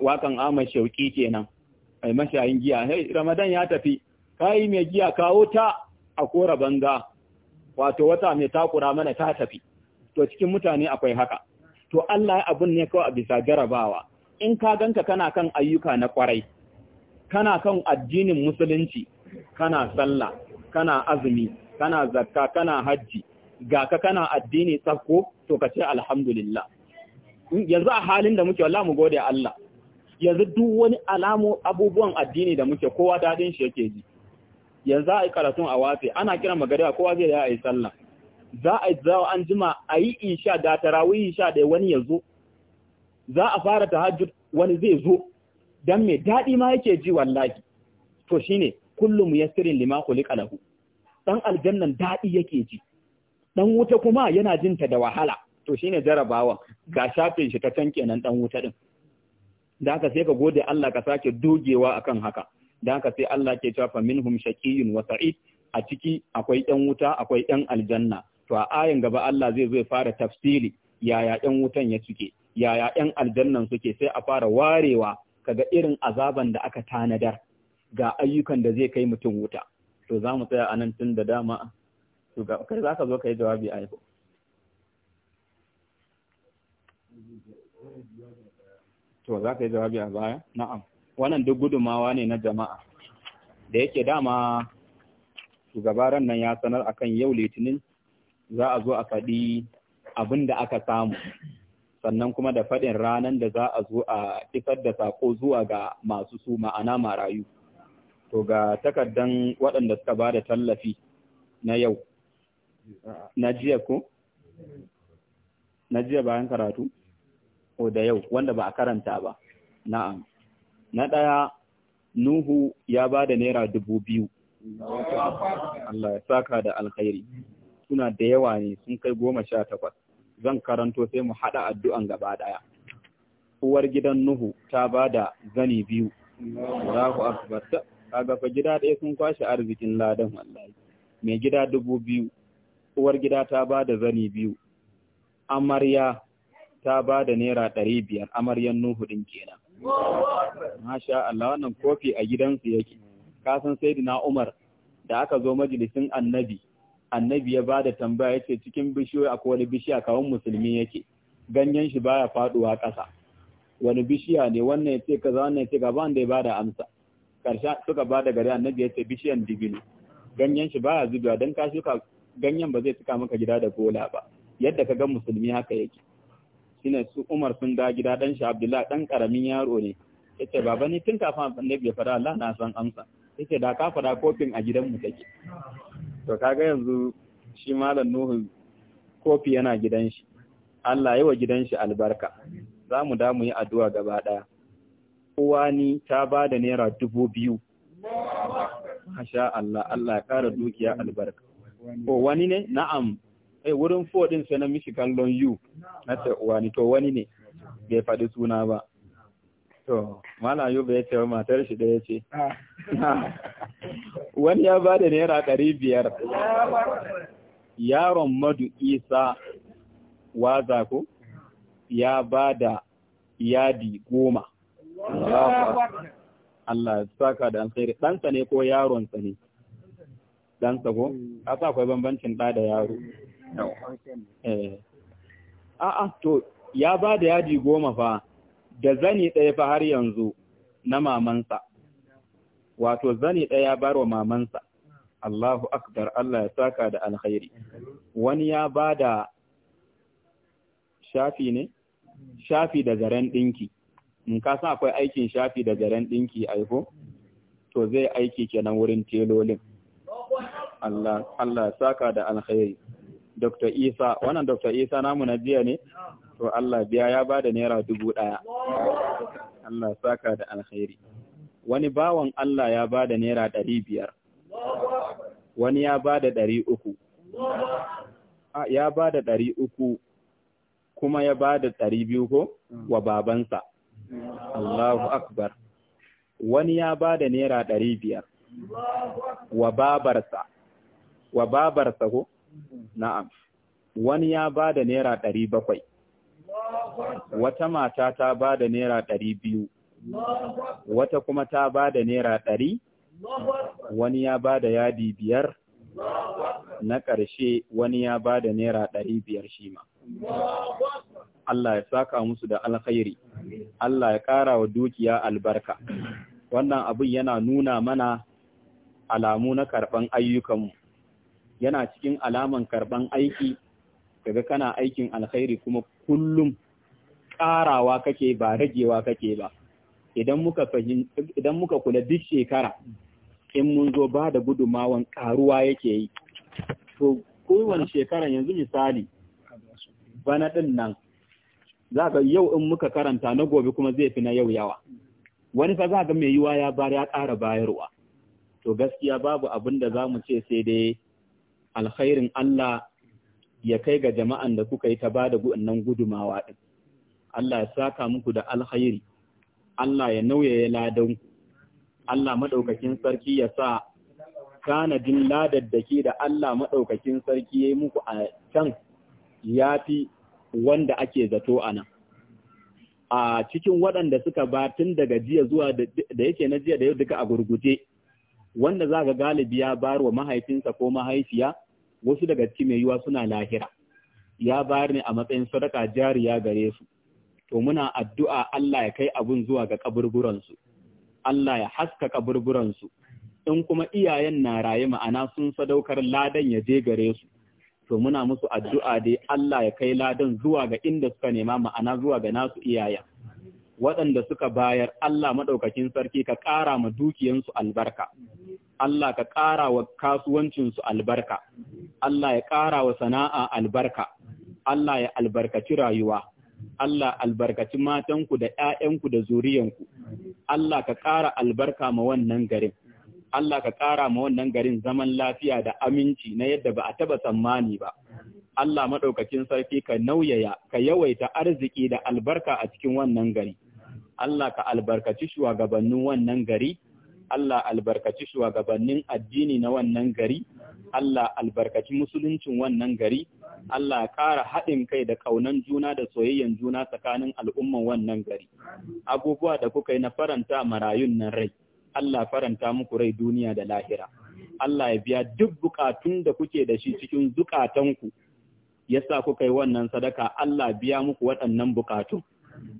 Speaker 1: wakan Ahmad Shauki kenan Mai mashayin giya hey ramadan ya tafi kai mai giya kawo ta a kora banga. wato wata mai takura mana ta tafi to cikin mutane akwai haka to Allah ya abun ne kawai a bisa garabawa. in ka ganka kana kan ayyuka na kwarai kana kan addinin musulunci kana sallah kana azumi kana zakka kana hajji ga ka kana addini tsakko to ka ce alhamdulillah yanzu a halin da muke wallahi mu gode Allah yanzu duk wani alamu abubuwan addini da muke kowa dadin shi yake ji yanzu ai yi karatun a wafe ana kiran magariba kowa zai ya yi sallah za a yi zawa an jima a yi isha da tarawih insha da wani yazo zo za a fara tahajjud wani zai zo dan me dadi ma yake ji wallahi to shine kullu muyassirin lima khuliqa lahu dan aljannan dadi yake ji dan wuta kuma yana jinta da wahala to shine jarabawa ga shafin shi ta can kenan dan wuta din da haka sai ka gode Allah ka sake dogewa akan haka da haka sai Allah ke cewa minhum shaqiyyun wa sa'id a ciki akwai ɗan wuta akwai ɗan aljanna to a ayin gaba Allah zai zo ya fara tafsiri yaya ɗan wutan ya cike, yaya ɗan aljannan suke sai a fara warewa kaga irin azaban da aka tanadar ga ayyukan da zai kai mutum wuta to za mu tsaya a nan tun da dama to kai za ka zo ka yi jawabi a yau to za ka yi jawabi a baya na'am wannan duk gudumawa ne na jama'a da yake dama shugabaran nan ya sanar a kan yau litinin za a zo a faɗi abin da aka samu sannan kuma da faɗin ranar da za a zo a isar da sako zuwa ga masu su ma'ana marayu to ga takardan waɗanda suka ba da tallafi na yau na jiya ko na jiya bayan karatu ko da yau wanda ba a karanta ba na'am na ɗaya nuhu ya ba da naira dubu biyu Allah ya saka da alkhairi suna da yawa ne sun kai goma sha takwas zan karanto sai mu haɗa addu'an gaba ɗaya uwar gidan nuhu ta ba da zani biyu ku akbar a gafa gida ɗaya sun kwashe arzikin ladan wallahi mai gida dubu biyu uwar gida ta ba da zani biyu amarya ta ba da naira ɗari biyar amaryan nuhu ɗin kenan. Masha Allah wannan kofi a gidansu yake. Kasan sai na Umar da aka zo majalisin annabi, annabi ya ba da tambaya yace cikin bishiyoyi a wani bishiya kawun musulmi yake, ganyen shi baya faduwa ƙasa. Wani bishiya ne wannan yace kaza wannan yace gaba wanda ya ba da amsa. Karshen suka ba da gari annabi yace bishiyan dibino. Ganyen shi baya zubewa don ka shuka ganyen ba zai cika maka gida da gola ba. Yadda ka ga musulmi haka yake. shine su Umar sun ga gida dan shi Abdullahi dan karamin yaro ne yace baba ni tun kafin annabi ya fara Allah na san amsa yace da ka fara kofin a gidan mu take to kaga yanzu shi malam Nuhu kofi yana gidan shi Allah yi wa gidan shi albarka za mu da mu yi addu'a gaba daya Uwani ni ta ba da naira dubu biyu Masha Allah, Allah ya ƙara dukiya albarka. Ko wani ne? Na'am, eh wurin fo din sai na mishi kallon you na ce wani to wani ne bai faɗi suna ba to mala ayuba bai ce wa matar shi da ce wani ya ba da naira ɗari biyar yaron madu isa waza ko ya ba da yadi goma Allah saka da alkhairi ɗansa ne ko yaronsa ne ɗansa ko? sa akwai bambancin ɗa da yaro Eh. Eh. a'a to ya ba da yadi goma fa da zani ɗaya fa har yanzu na mamansa wato zani ɗaya bar wa mamansa Allahu akbar Allah ya saka da alkhairi wani ya ba da shafi ne shafi da zaren ɗinki in ka san akwai aikin shafi da zaren ɗinki aiko to zai aiki kenan wurin telolin Allah Allah ya saka da alkhairi Dr. Isa, wannan Dr. Isa namu na jiya ne? To Allah biya ya ba da Naira dubu ɗaya. Allah saka da alkhairi. Wani bawan Allah ya ba da Naira ɗari biyar. Wani ya ba da ɗari uku. Ya ba da ɗari uku kuma ya ba da ɗari biyu ko? Wa babansa. Allahu Akbar. Wani ya ba da Naira ɗari biyar. Wa babarsa. Wa babarsa ko? Na'am. Wani ya ba da Naira ɗari bakwai. Wata mata ta ba da Naira ɗari biyu. Wata kuma ta ba da Naira ɗari. Wani ya ba da yadi biyar. Na ƙarshe wani ya ba da Naira ɗari biyar shi ma. Allah ya saka musu da alkhairi. Allah ya ƙara wa dukiya albarka. Wannan abin yana nuna mana alamu na karɓan ayyukanmu. yana cikin alaman karban aiki kaga kana aikin alkhairi kuma kullum ƙarawa kake ba ragewa kake ba idan muka idan muka kula duk shekara in mun zo ba da gudumawan karuwa yake yi to kowane shekara yanzu misali bana din nan za ga yau in muka karanta na gobe kuma zai fi na yau yawa wani fa za ga mai yiwa ya bar ya ƙara bayarwa to gaskiya babu abin da za mu ce sai dai alkhairin Allah ya kai ga jama'an da kuka yi ta ba da nan gudumawa ɗin. Allah ya saka muku da alkhairi, Allah ya nauyaya ladan Allah maɗaukakin sarki ya sa tanadin ladaddaki da Allah maɗaukakin sarki ya yi muku a can ya fi wanda ake zato a nan. A cikin waɗanda suka ba tun daga jiya zuwa da yake na jiya da yau duka a gurguje, wanda za ga galibi ya bayar wa mahaifinsa ko mahaifiya wasu daga cikin mai yiwa suna lahira ya bayar ne a matsayin sadaka jariya gare su to muna addu'a Allah ya kai abun zuwa ga kaburburan su Allah ya haska kaburburan su in kuma iyayen na raye ma'ana sun sadaukar ladan ya je gare su to muna musu addu'a dai Allah ya kai ladan zuwa ga inda suka nema ma'ana zuwa ga nasu iyaya. waɗanda suka bayar Allah maɗaukakin sarki ka ƙara ma dukiyansu albarka. Allah ka ƙara wa kasuwancinsu albarka, Allah ya ƙara wa sana'a albarka, Allah ya albarkaci rayuwa, Allah albarkaci matanku da ‘ya'yanku da zuriyanku, Allah ka ƙara albarka ma wannan garin, Allah ka ƙara ma wannan garin zaman lafiya da aminci na yadda ba a taɓa tsammani ba. Allah maɗaukakin sarki ka nauyaya, ka yawaita arziki da albarka a cikin wannan gari. Allah ka albarkaci shugabannin wannan gari, Allah albarkaci shugabannin addini na wannan gari, Allah albarkaci musuluncin wannan gari, Allah ƙara haɗin kai da ƙaunan juna da soyayyan juna tsakanin al'umman wannan gari. Abubuwa da kuka yi na faranta marayun nan rai, Allah faranta muku rai duniya da lahira. Allah ya biya duk bukatun da kuke da shi cikin zukatanku, yasa kuka yi wannan sadaka Allah biya muku waɗannan bukatun.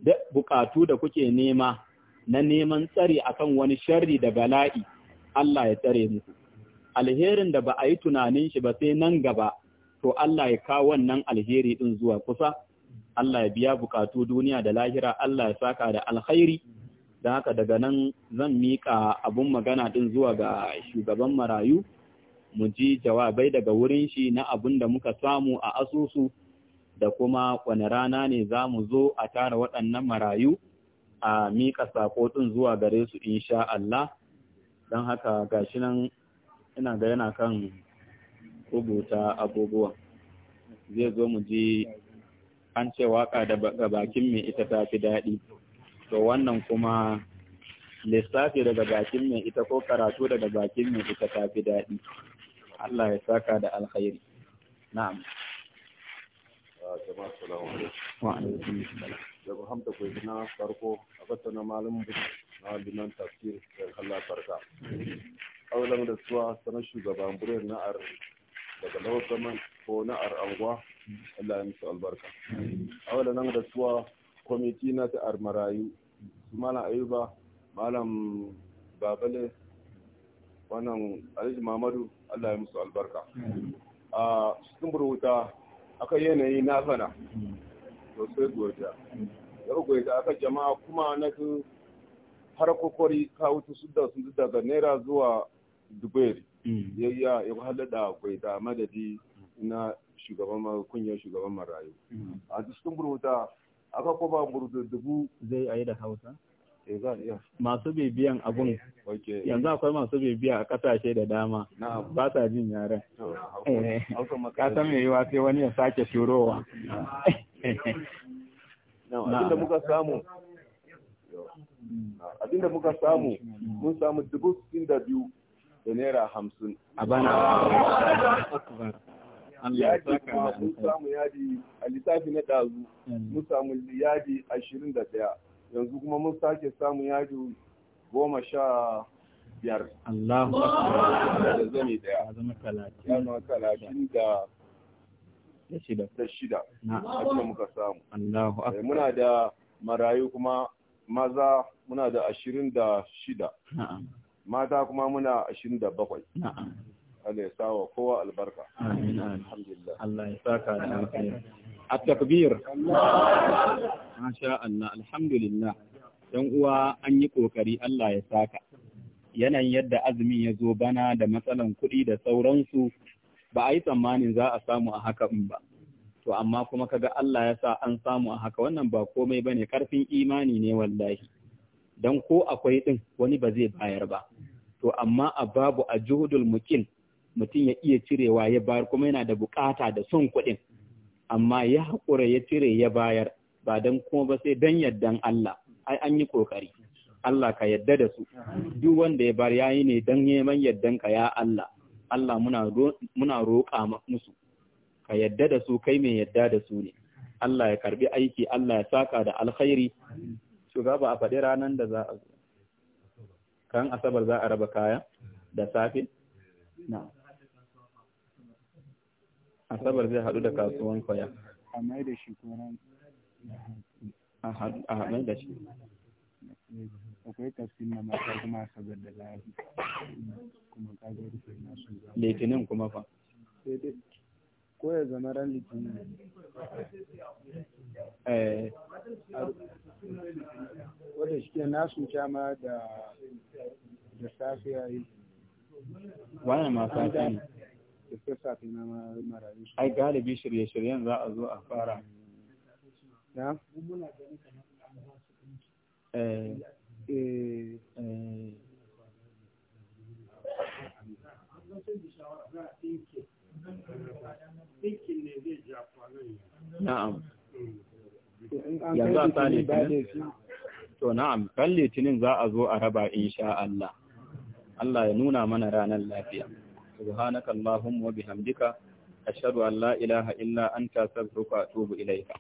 Speaker 1: Da bukatu da kuke nema na neman tsari akan wani sharri da bala'i Allah ya tsare muku alherin da ba a yi tunanin shi ba sai nan gaba to Allah ya kawo wannan alheri din zuwa kusa Allah ya biya bukatu duniya da lahira Allah ya saka da alkhairi don haka daga nan zan mika abun magana din zuwa ga shugaban marayu mu ji jawabai daga wurin shi na abun da muka samu a asusu da kuma wani rana ne za mu zo a tara waɗannan marayu a miƙa ɗin zuwa gare su insha Allah don haka gashi nan ina ga yana kan rubuta abubuwa zai zo mu ji an ce waka daga bakin mai ita ta fi daɗi to wannan kuma lissafi daga bakin mai ita ko karatu daga bakin mai ita ta fi daɗi Allah ya saka da alkhairi na'am
Speaker 3: jama'a salamu alaikum da ku hamta ku farko a fata na malam na liman tafsir da Allah barka aulan da suwa sanar shugaban burin na'ar daga lawan ko na'ar anguwa Allah ya musu albarka aulan nan da suwa kwamiti na ta'ar marayu su malam ayuba malam babale wannan alhaji mamadu Allah ya musu albarka a cikin rubuta akan yanayi na fana to sai godiya da godiya aka jama'a kuma na su har kokori ka wuce su da sun daga naira zuwa dubai mm. ya ya wahalar da madadi na shugaban shugaban marayu mm. a cikin burbuta aka kuma burbuta dubu zai ayi da hausa Eh,
Speaker 1: masu bibiyan abun yanzu akwai masu bibiya a kasashe da dama ba sa jin yaren eh, ka san mai yiwa sai wani ya sake turowa.
Speaker 3: abinda muka samu abinda muka samu mun samu dubu sittin da biyu da naira hamsin a bana yadi kuma mun samu yadi a lissafi na ɗazu hmm. mun samu yadi ashirin da ɗaya yanzu kuma mun sake samun yaji goma sha biyar Allahu da zane daya zama talatin da shida da shida na muka samu Allahu eh, akbar muna da marayu kuma maza muna da ashirin da shida mata kuma muna ashirin da bakwai Allah ya sa wa kowa albarka amin alhamdulillah Allah ya saka da alkhairi التكبير ما
Speaker 1: شاء الله الحمد لله dan uwa an yi kokari Allah ya saka yanayin yadda azumin ya zo bana da matsalan kuɗi da sauransu ba a yi tsammanin za a samu a haka in ba to amma kuma kaga Allah ya sa an samu a haka wannan ba komai bane karfin imani ne wallahi dan ko akwai din wani ba zai bayar ba to amma a babu a juhudul mukin mutum ya iya cirewa ya bayar kuma yana da bukata da son kuɗin amma ya haƙura ya cire ya bayar ba don kuma ba sai don yardan Allah ai an yi ƙoƙari Allah ka yadda da su duk wanda ya bar yayi ne don neman yardan ka ya Allah Allah muna roƙa musu ka yadda da su kai mai yadda da su ne Allah ya karbi aiki Allah ya saka da alkhairi shugaba a faɗi ranar da za a kan asabar za a raba kaya da safe na'am
Speaker 3: asabar zai haɗu da kasuwan kwaya
Speaker 2: a mai da shi kuma
Speaker 3: a haɗu da shi
Speaker 2: akwai tafsir na mata kuma asabar da lafi kuma kaga rufe na su litinin kuma fa ko ya zama ran litinin eh wanda shi ke nasu ma da da safiya yi wannan ma ne
Speaker 1: ai galibi shirye-shiryen za a zo a fara ya
Speaker 3: eh. eh.
Speaker 1: na'am
Speaker 2: eh. yanzu a sa litinin
Speaker 1: to na'am kan litinin za a zo a raba insha Allah Allah ya nuna mana ranar lafiya subhanaka allahumma wa bihamdika
Speaker 3: ashhadu an la ilaha illa an astaghfiruka wa atubu ilayka